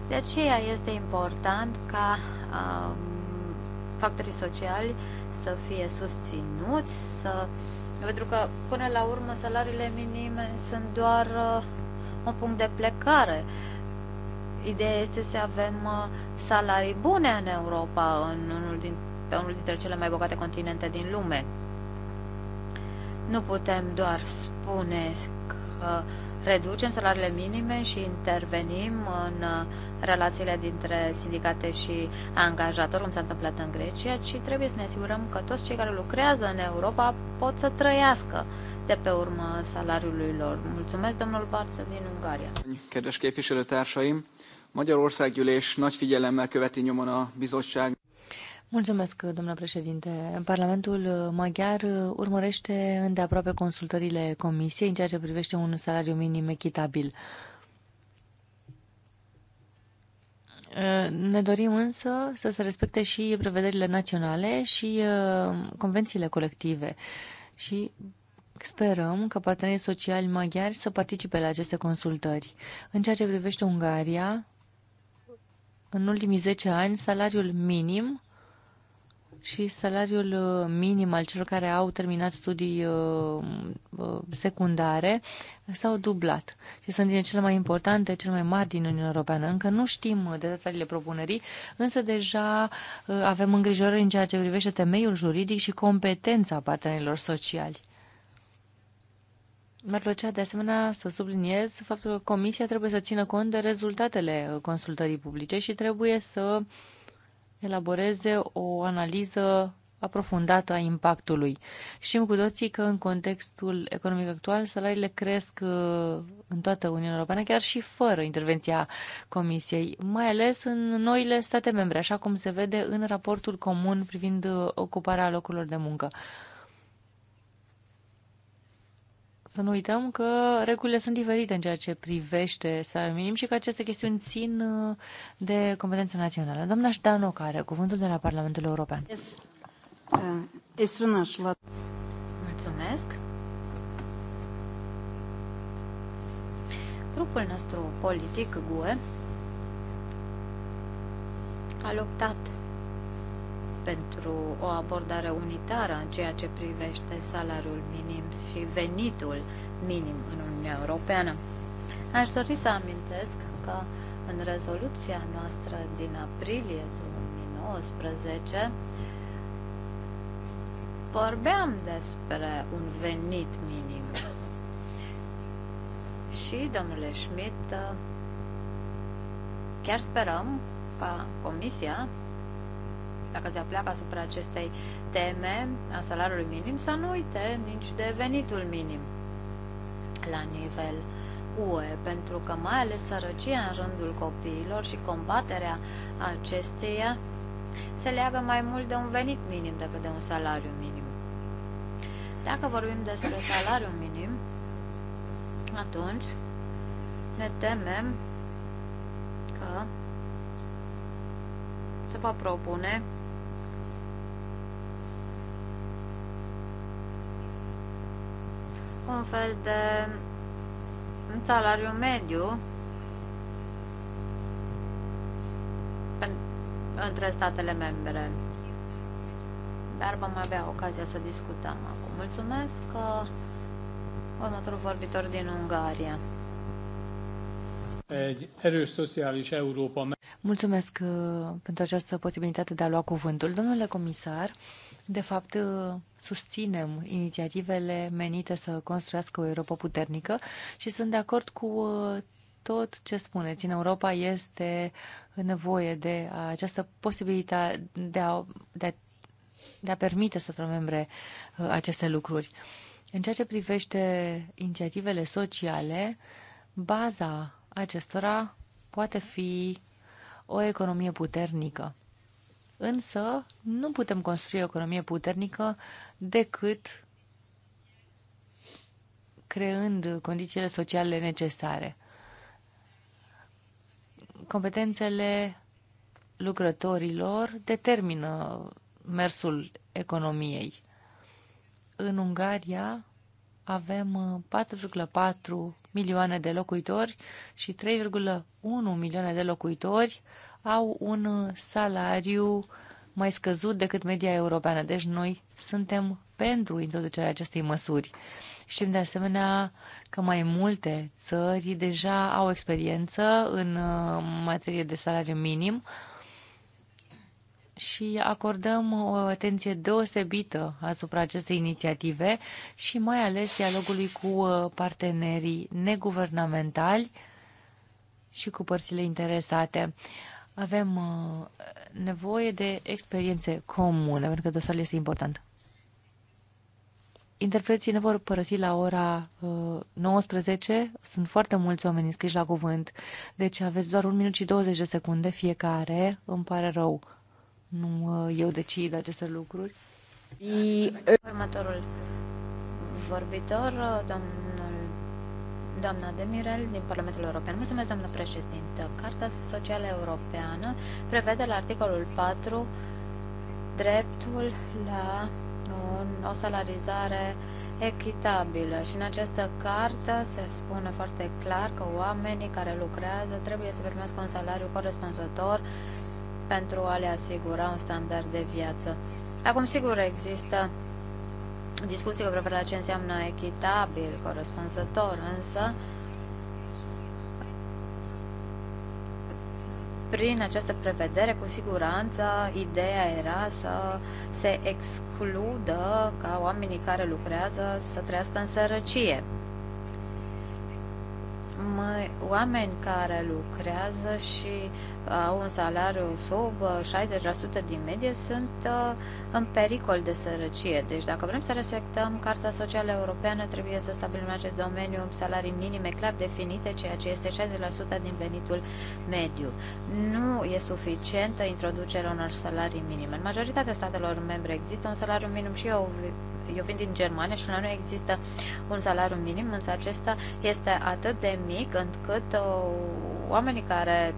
De aceea este important ca um, factorii sociali să fie susținuți, să pentru că, până la urmă, salariile minime sunt doar uh, un punct de plecare Ideea este să avem uh, salarii bune în Europa, în unul din, pe unul dintre cele mai bogate continente din lume. Nu putem doar spune că reducem salariile minime și intervenim în uh, relațiile dintre sindicate și angajator, cum s-a întâmplat în Grecia, ci trebuie să ne asigurăm că toți cei care lucrează în Europa pot să trăiască de pe urma salariului lor. Mulțumesc, domnul Barță din Ungaria. Kedves képviselőtársaim, Magyarországgyűlés nagy figyelemmel követi nyomon a bizottság. Mulțumesc, domnule președinte. Parlamentul maghiar urmărește îndeaproape consultările comisiei în ceea ce privește un salariu minim echitabil. Ne dorim însă să se respecte și prevederile naționale și uh, convențiile colective și sperăm că partenerii sociali maghiari să participe la aceste consultări. În ceea ce privește Ungaria, în ultimii 10 ani salariul minim și salariul uh, minim al celor care au terminat studii uh, uh, secundare s-au dublat și sunt din cele mai importante, cele mai mari din Uniunea Europeană. Încă nu știm detaliile propunerii, însă deja avem îngrijorări în ceea ce privește temeiul juridic și competența partenerilor sociali. Mi-ar plăcea de asemenea să subliniez faptul că Comisia trebuie să țină cont de rezultatele consultării publice și trebuie să elaboreze o analiză aprofundată a impactului. Știm cu toții că în contextul economic actual salariile cresc uh, în toată Uniunea Europeană, chiar și fără intervenția Comisiei, mai ales în noile state membre, așa cum se vede în raportul comun privind uh, ocuparea locurilor de muncă să nu uităm că regulile sunt diferite în ceea ce privește salariul minim și că aceste chestiuni țin uh, de competență națională. Doamna Ștano, care cuvântul de la Parlamentul European. Uh, Mulțumesc. Grupul nostru politic, GUE, a luptat pentru o abordare unitară în ceea ce privește salariul minim și venitul minim în Uniunea Europeană. Aș dori să amintesc că în rezoluția noastră din aprilie 2019 vorbeam despre un venit minim. Și, domnule Schmidt, chiar sperăm ca Comisia dacă se apleacă asupra acestei teme a salariului minim, să nu uite nici de venitul minim la nivel UE, pentru că mai ales sărăcia în rândul copiilor și combaterea acesteia se leagă mai mult de un venit minim decât de un salariu minim. Dacă vorbim despre salariu minim, atunci ne temem că se va propune un fel de salariu mediu între statele membre. Dar vom avea ocazia să discutăm acum. Mulțumesc că uh, următorul vorbitor din Ungaria. Mulțumesc uh, pentru această posibilitate de a lua cuvântul. Domnule comisar, de fapt, susținem inițiativele menite să construiască o Europa puternică și sunt de acord cu uh, tot ce spuneți. În Europa este nevoie de această posibilitate de a, de a, de a permite statelor membre uh, aceste lucruri. În ceea ce privește inițiativele sociale, baza acestora poate fi o economie puternică. Însă nu putem construi o economie puternică decât creând condițiile sociale necesare. Competențele lucrătorilor determină mersul economiei. În Ungaria avem 4,4 uh, milioane de locuitori și 3,1 milioane de locuitori au un salariu mai scăzut decât media europeană. Deci noi suntem pentru introducerea acestei măsuri. Știm de asemenea că mai multe țări deja au experiență în uh, materie de salariu minim și acordăm o atenție deosebită asupra acestei inițiative și mai ales dialogului cu uh, partenerii neguvernamentali și cu părțile interesate. Avem uh, nevoie de experiențe comune, pentru că dosarul este important. Interpreții ne vor părăsi la ora 19. Uh, Sunt foarte mulți oameni înscriși la cuvânt, deci aveți doar 1 minut și 20 de secunde fiecare. Îmi pare rău. Nu uh, eu decid aceste lucruri. Următorul vorbitor, domnul Doamna Demirel din Parlamentul European. Mulțumesc, doamnă președintă. Carta Socială Europeană prevede la articolul 4 dreptul la un, o salarizare echitabilă și în această carte se spune foarte clar că oamenii care lucrează trebuie să primească un salariu corespunzător pentru a le asigura un standard de viață. Acum, sigur, există discuții cu privire la ce înseamnă echitabil, corespunzător, însă prin această prevedere, cu siguranță, ideea era să se excludă ca oamenii care lucrează să trăiască în sărăcie oameni care lucrează și uh, au un salariu sub 60% uh, din medie sunt uh, în pericol de sărăcie. Deci dacă vrem să respectăm Carta Socială Europeană, trebuie să stabilim în acest domeniu salarii minime clar definite, ceea ce este 60% din venitul mediu. Nu e suficientă introducerea unor salarii minime. În majoritatea statelor membre există un salariu minim și eu eu vin din Germania și la noi există un salariu minim, însă acesta este atât de mic încât uh, oamenii care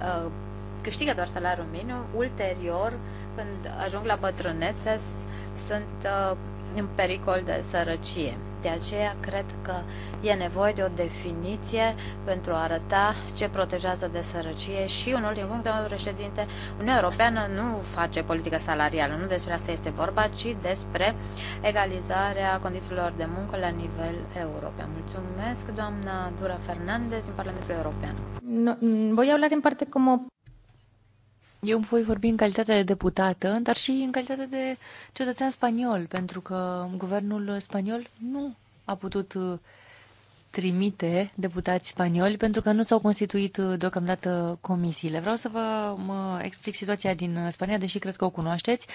uh, câștigă doar salariul minim, ulterior, când ajung la bătrânețe, sunt uh, în pericol de sărăcie. De aceea cred că e nevoie de o definiție pentru a arăta ce protejează de sărăcie și un ultim punct, domnul președinte, Uniunea Europeană nu face politică salarială, nu despre asta este vorba, ci despre egalizarea condițiilor de muncă la nivel european. Mulțumesc, doamna Dura Fernandez din Parlamentul European. No, voi avea în parte parte o eu voi vorbi în calitate de deputată, dar și în calitate de cetățean spaniol, pentru că guvernul spaniol nu a putut uh, trimite deputați spanioli pentru că nu s-au constituit uh, deocamdată comisiile. Vreau să vă mă explic situația din Spania, deși cred că o cunoașteți.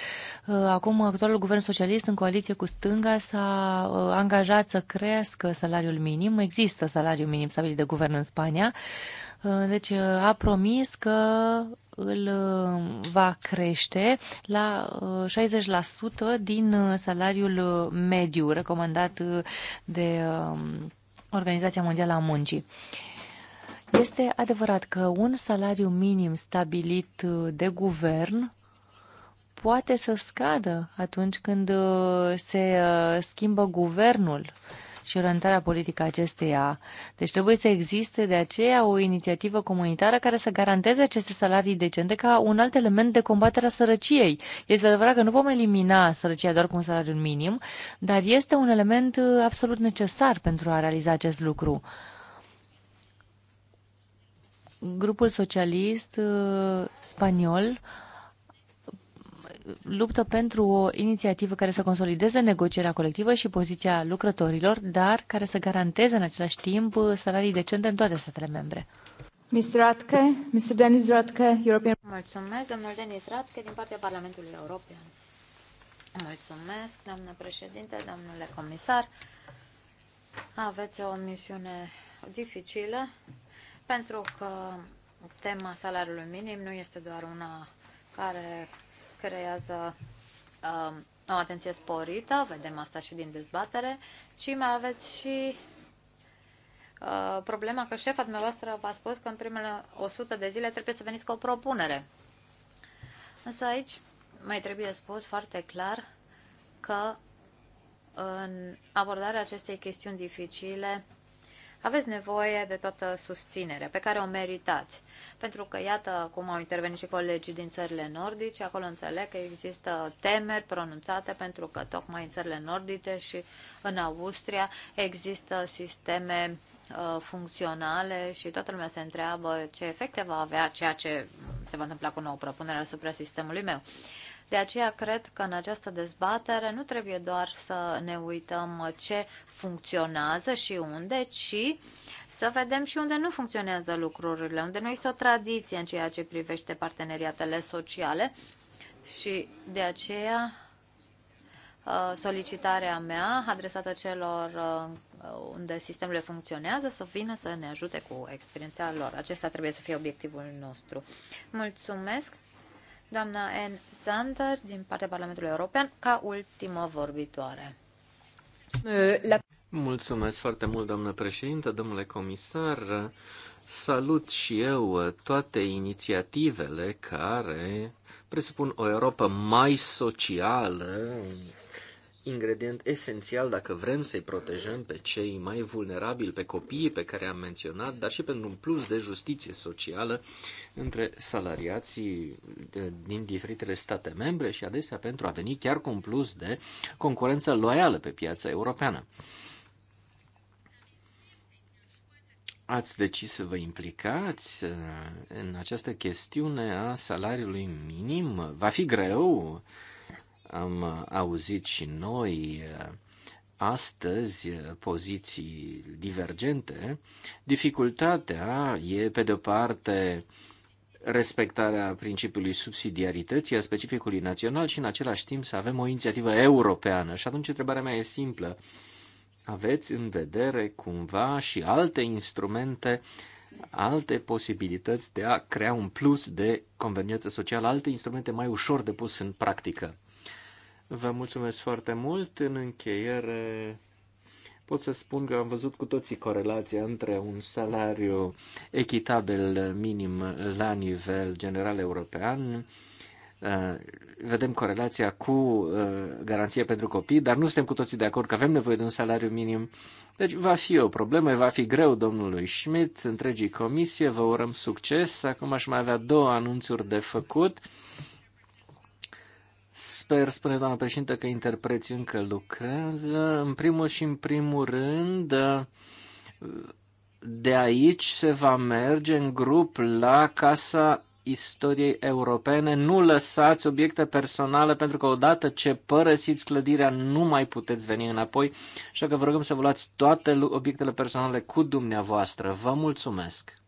Uh, acum, actualul guvern socialist, în coaliție cu stânga, s-a angajat să crească salariul minim. Există salariul minim stabilit de guvern în Spania. Deci a promis că îl uh, va crește la 60% uh, din uh, salariul mediu recomandat de um, Organizația Mondială a Muncii. Este adevărat că un salariu minim stabilit de guvern poate să scadă atunci când se schimbă guvernul și orientarea politică a acesteia. Deci trebuie să existe de aceea o inițiativă comunitară care să garanteze aceste salarii decente ca un alt element de combatere a sărăciei. Este adevărat că nu vom elimina sărăcia doar cu un salariu minim, dar este un element uh, absolut necesar pentru a realiza acest lucru grupul socialist uh, spaniol luptă pentru o inițiativă care să consolideze negocierea colectivă și poziția lucrătorilor, dar care să garanteze în același timp salarii decente în toate statele membre. Mr. Radke, Mr. Denis Radke, European... Mulțumesc, domnul Denis Radke, din partea Parlamentului European. Mulțumesc, doamnă președinte, domnule comisar. Aveți o misiune dificilă, pentru că tema salariului minim nu este doar una care creează uh, o atenție sporită, vedem asta și din dezbatere, ci mai aveți și uh, problema că șefa dumneavoastră v-a spus că în primele 100 de zile trebuie să veniți cu o propunere. Însă aici mai trebuie spus foarte clar că în abordarea acestei chestiuni dificile aveți nevoie de toată susținerea pe care o meritați. Pentru că, iată, cum au intervenit și colegii din țările nordice, acolo înțeleg că există temeri pronunțate pentru că tocmai în țările nordice și în Austria există sisteme uh, funcționale și toată lumea se întreabă ce efecte va avea ceea ce se va întâmpla cu nouă propunere asupra sistemului meu. De aceea cred că în această dezbatere nu trebuie doar să ne uităm ce funcționează și unde, ci să vedem și unde nu funcționează lucrurile, unde nu este o tradiție în ceea ce privește parteneriatele sociale și de aceea uh, solicitarea mea adresată celor uh, unde sistemele funcționează să vină să ne ajute cu experiența lor. Acesta trebuie să fie obiectivul nostru. Mulțumesc! doamna N. Sander din partea Parlamentului European ca ultimă vorbitoare. La... Mulțumesc foarte mult, doamnă președintă, domnule comisar. Salut și eu toate inițiativele care presupun o Europa mai socială, ingredient esențial dacă vrem să-i protejăm pe cei mai vulnerabili, pe copiii pe care am menționat, dar și pentru un plus de justiție socială între salariații din diferitele state membre și adesea pentru a veni chiar cu un plus de concurență loială pe piața europeană. Ați decis să vă implicați uh, în această chestiune a salariului minim? Va fi greu? Am auzit și noi uh, astăzi uh, poziții divergente. Dificultatea e, pe de-o parte, respectarea principiului subsidiarității a specificului național și, în același timp, să avem o inițiativă europeană. Și atunci întrebarea mea e simplă. Aveți în vedere cumva și alte instrumente alte posibilități de a crea un plus de conveniență socială, alte instrumente mai ușor de pus în practică. Vă mulțumesc foarte mult. În încheiere, pot să spun că am văzut cu toții corelația între un salariu echitabil minim la nivel general european, eh, vedem corelația cu eh, garanția pentru copii, dar nu suntem cu toții de acord că avem nevoie de un salariu minim. Deci va fi o problemă, va fi greu domnului Schmidt, întregii comisie, vă urăm succes. Acum aș mai avea două anunțuri de făcut. Sper, spune doamna președinte, că interpreții încă lucrează. În primul și în primul rând, de aici se va merge în grup la Casa Istoriei Europene. Nu lăsați obiecte personale, pentru că odată ce părăsiți clădirea, nu mai puteți veni înapoi. Așa că vă rugăm să vă luați toate obiectele personale cu dumneavoastră. Vă mulțumesc!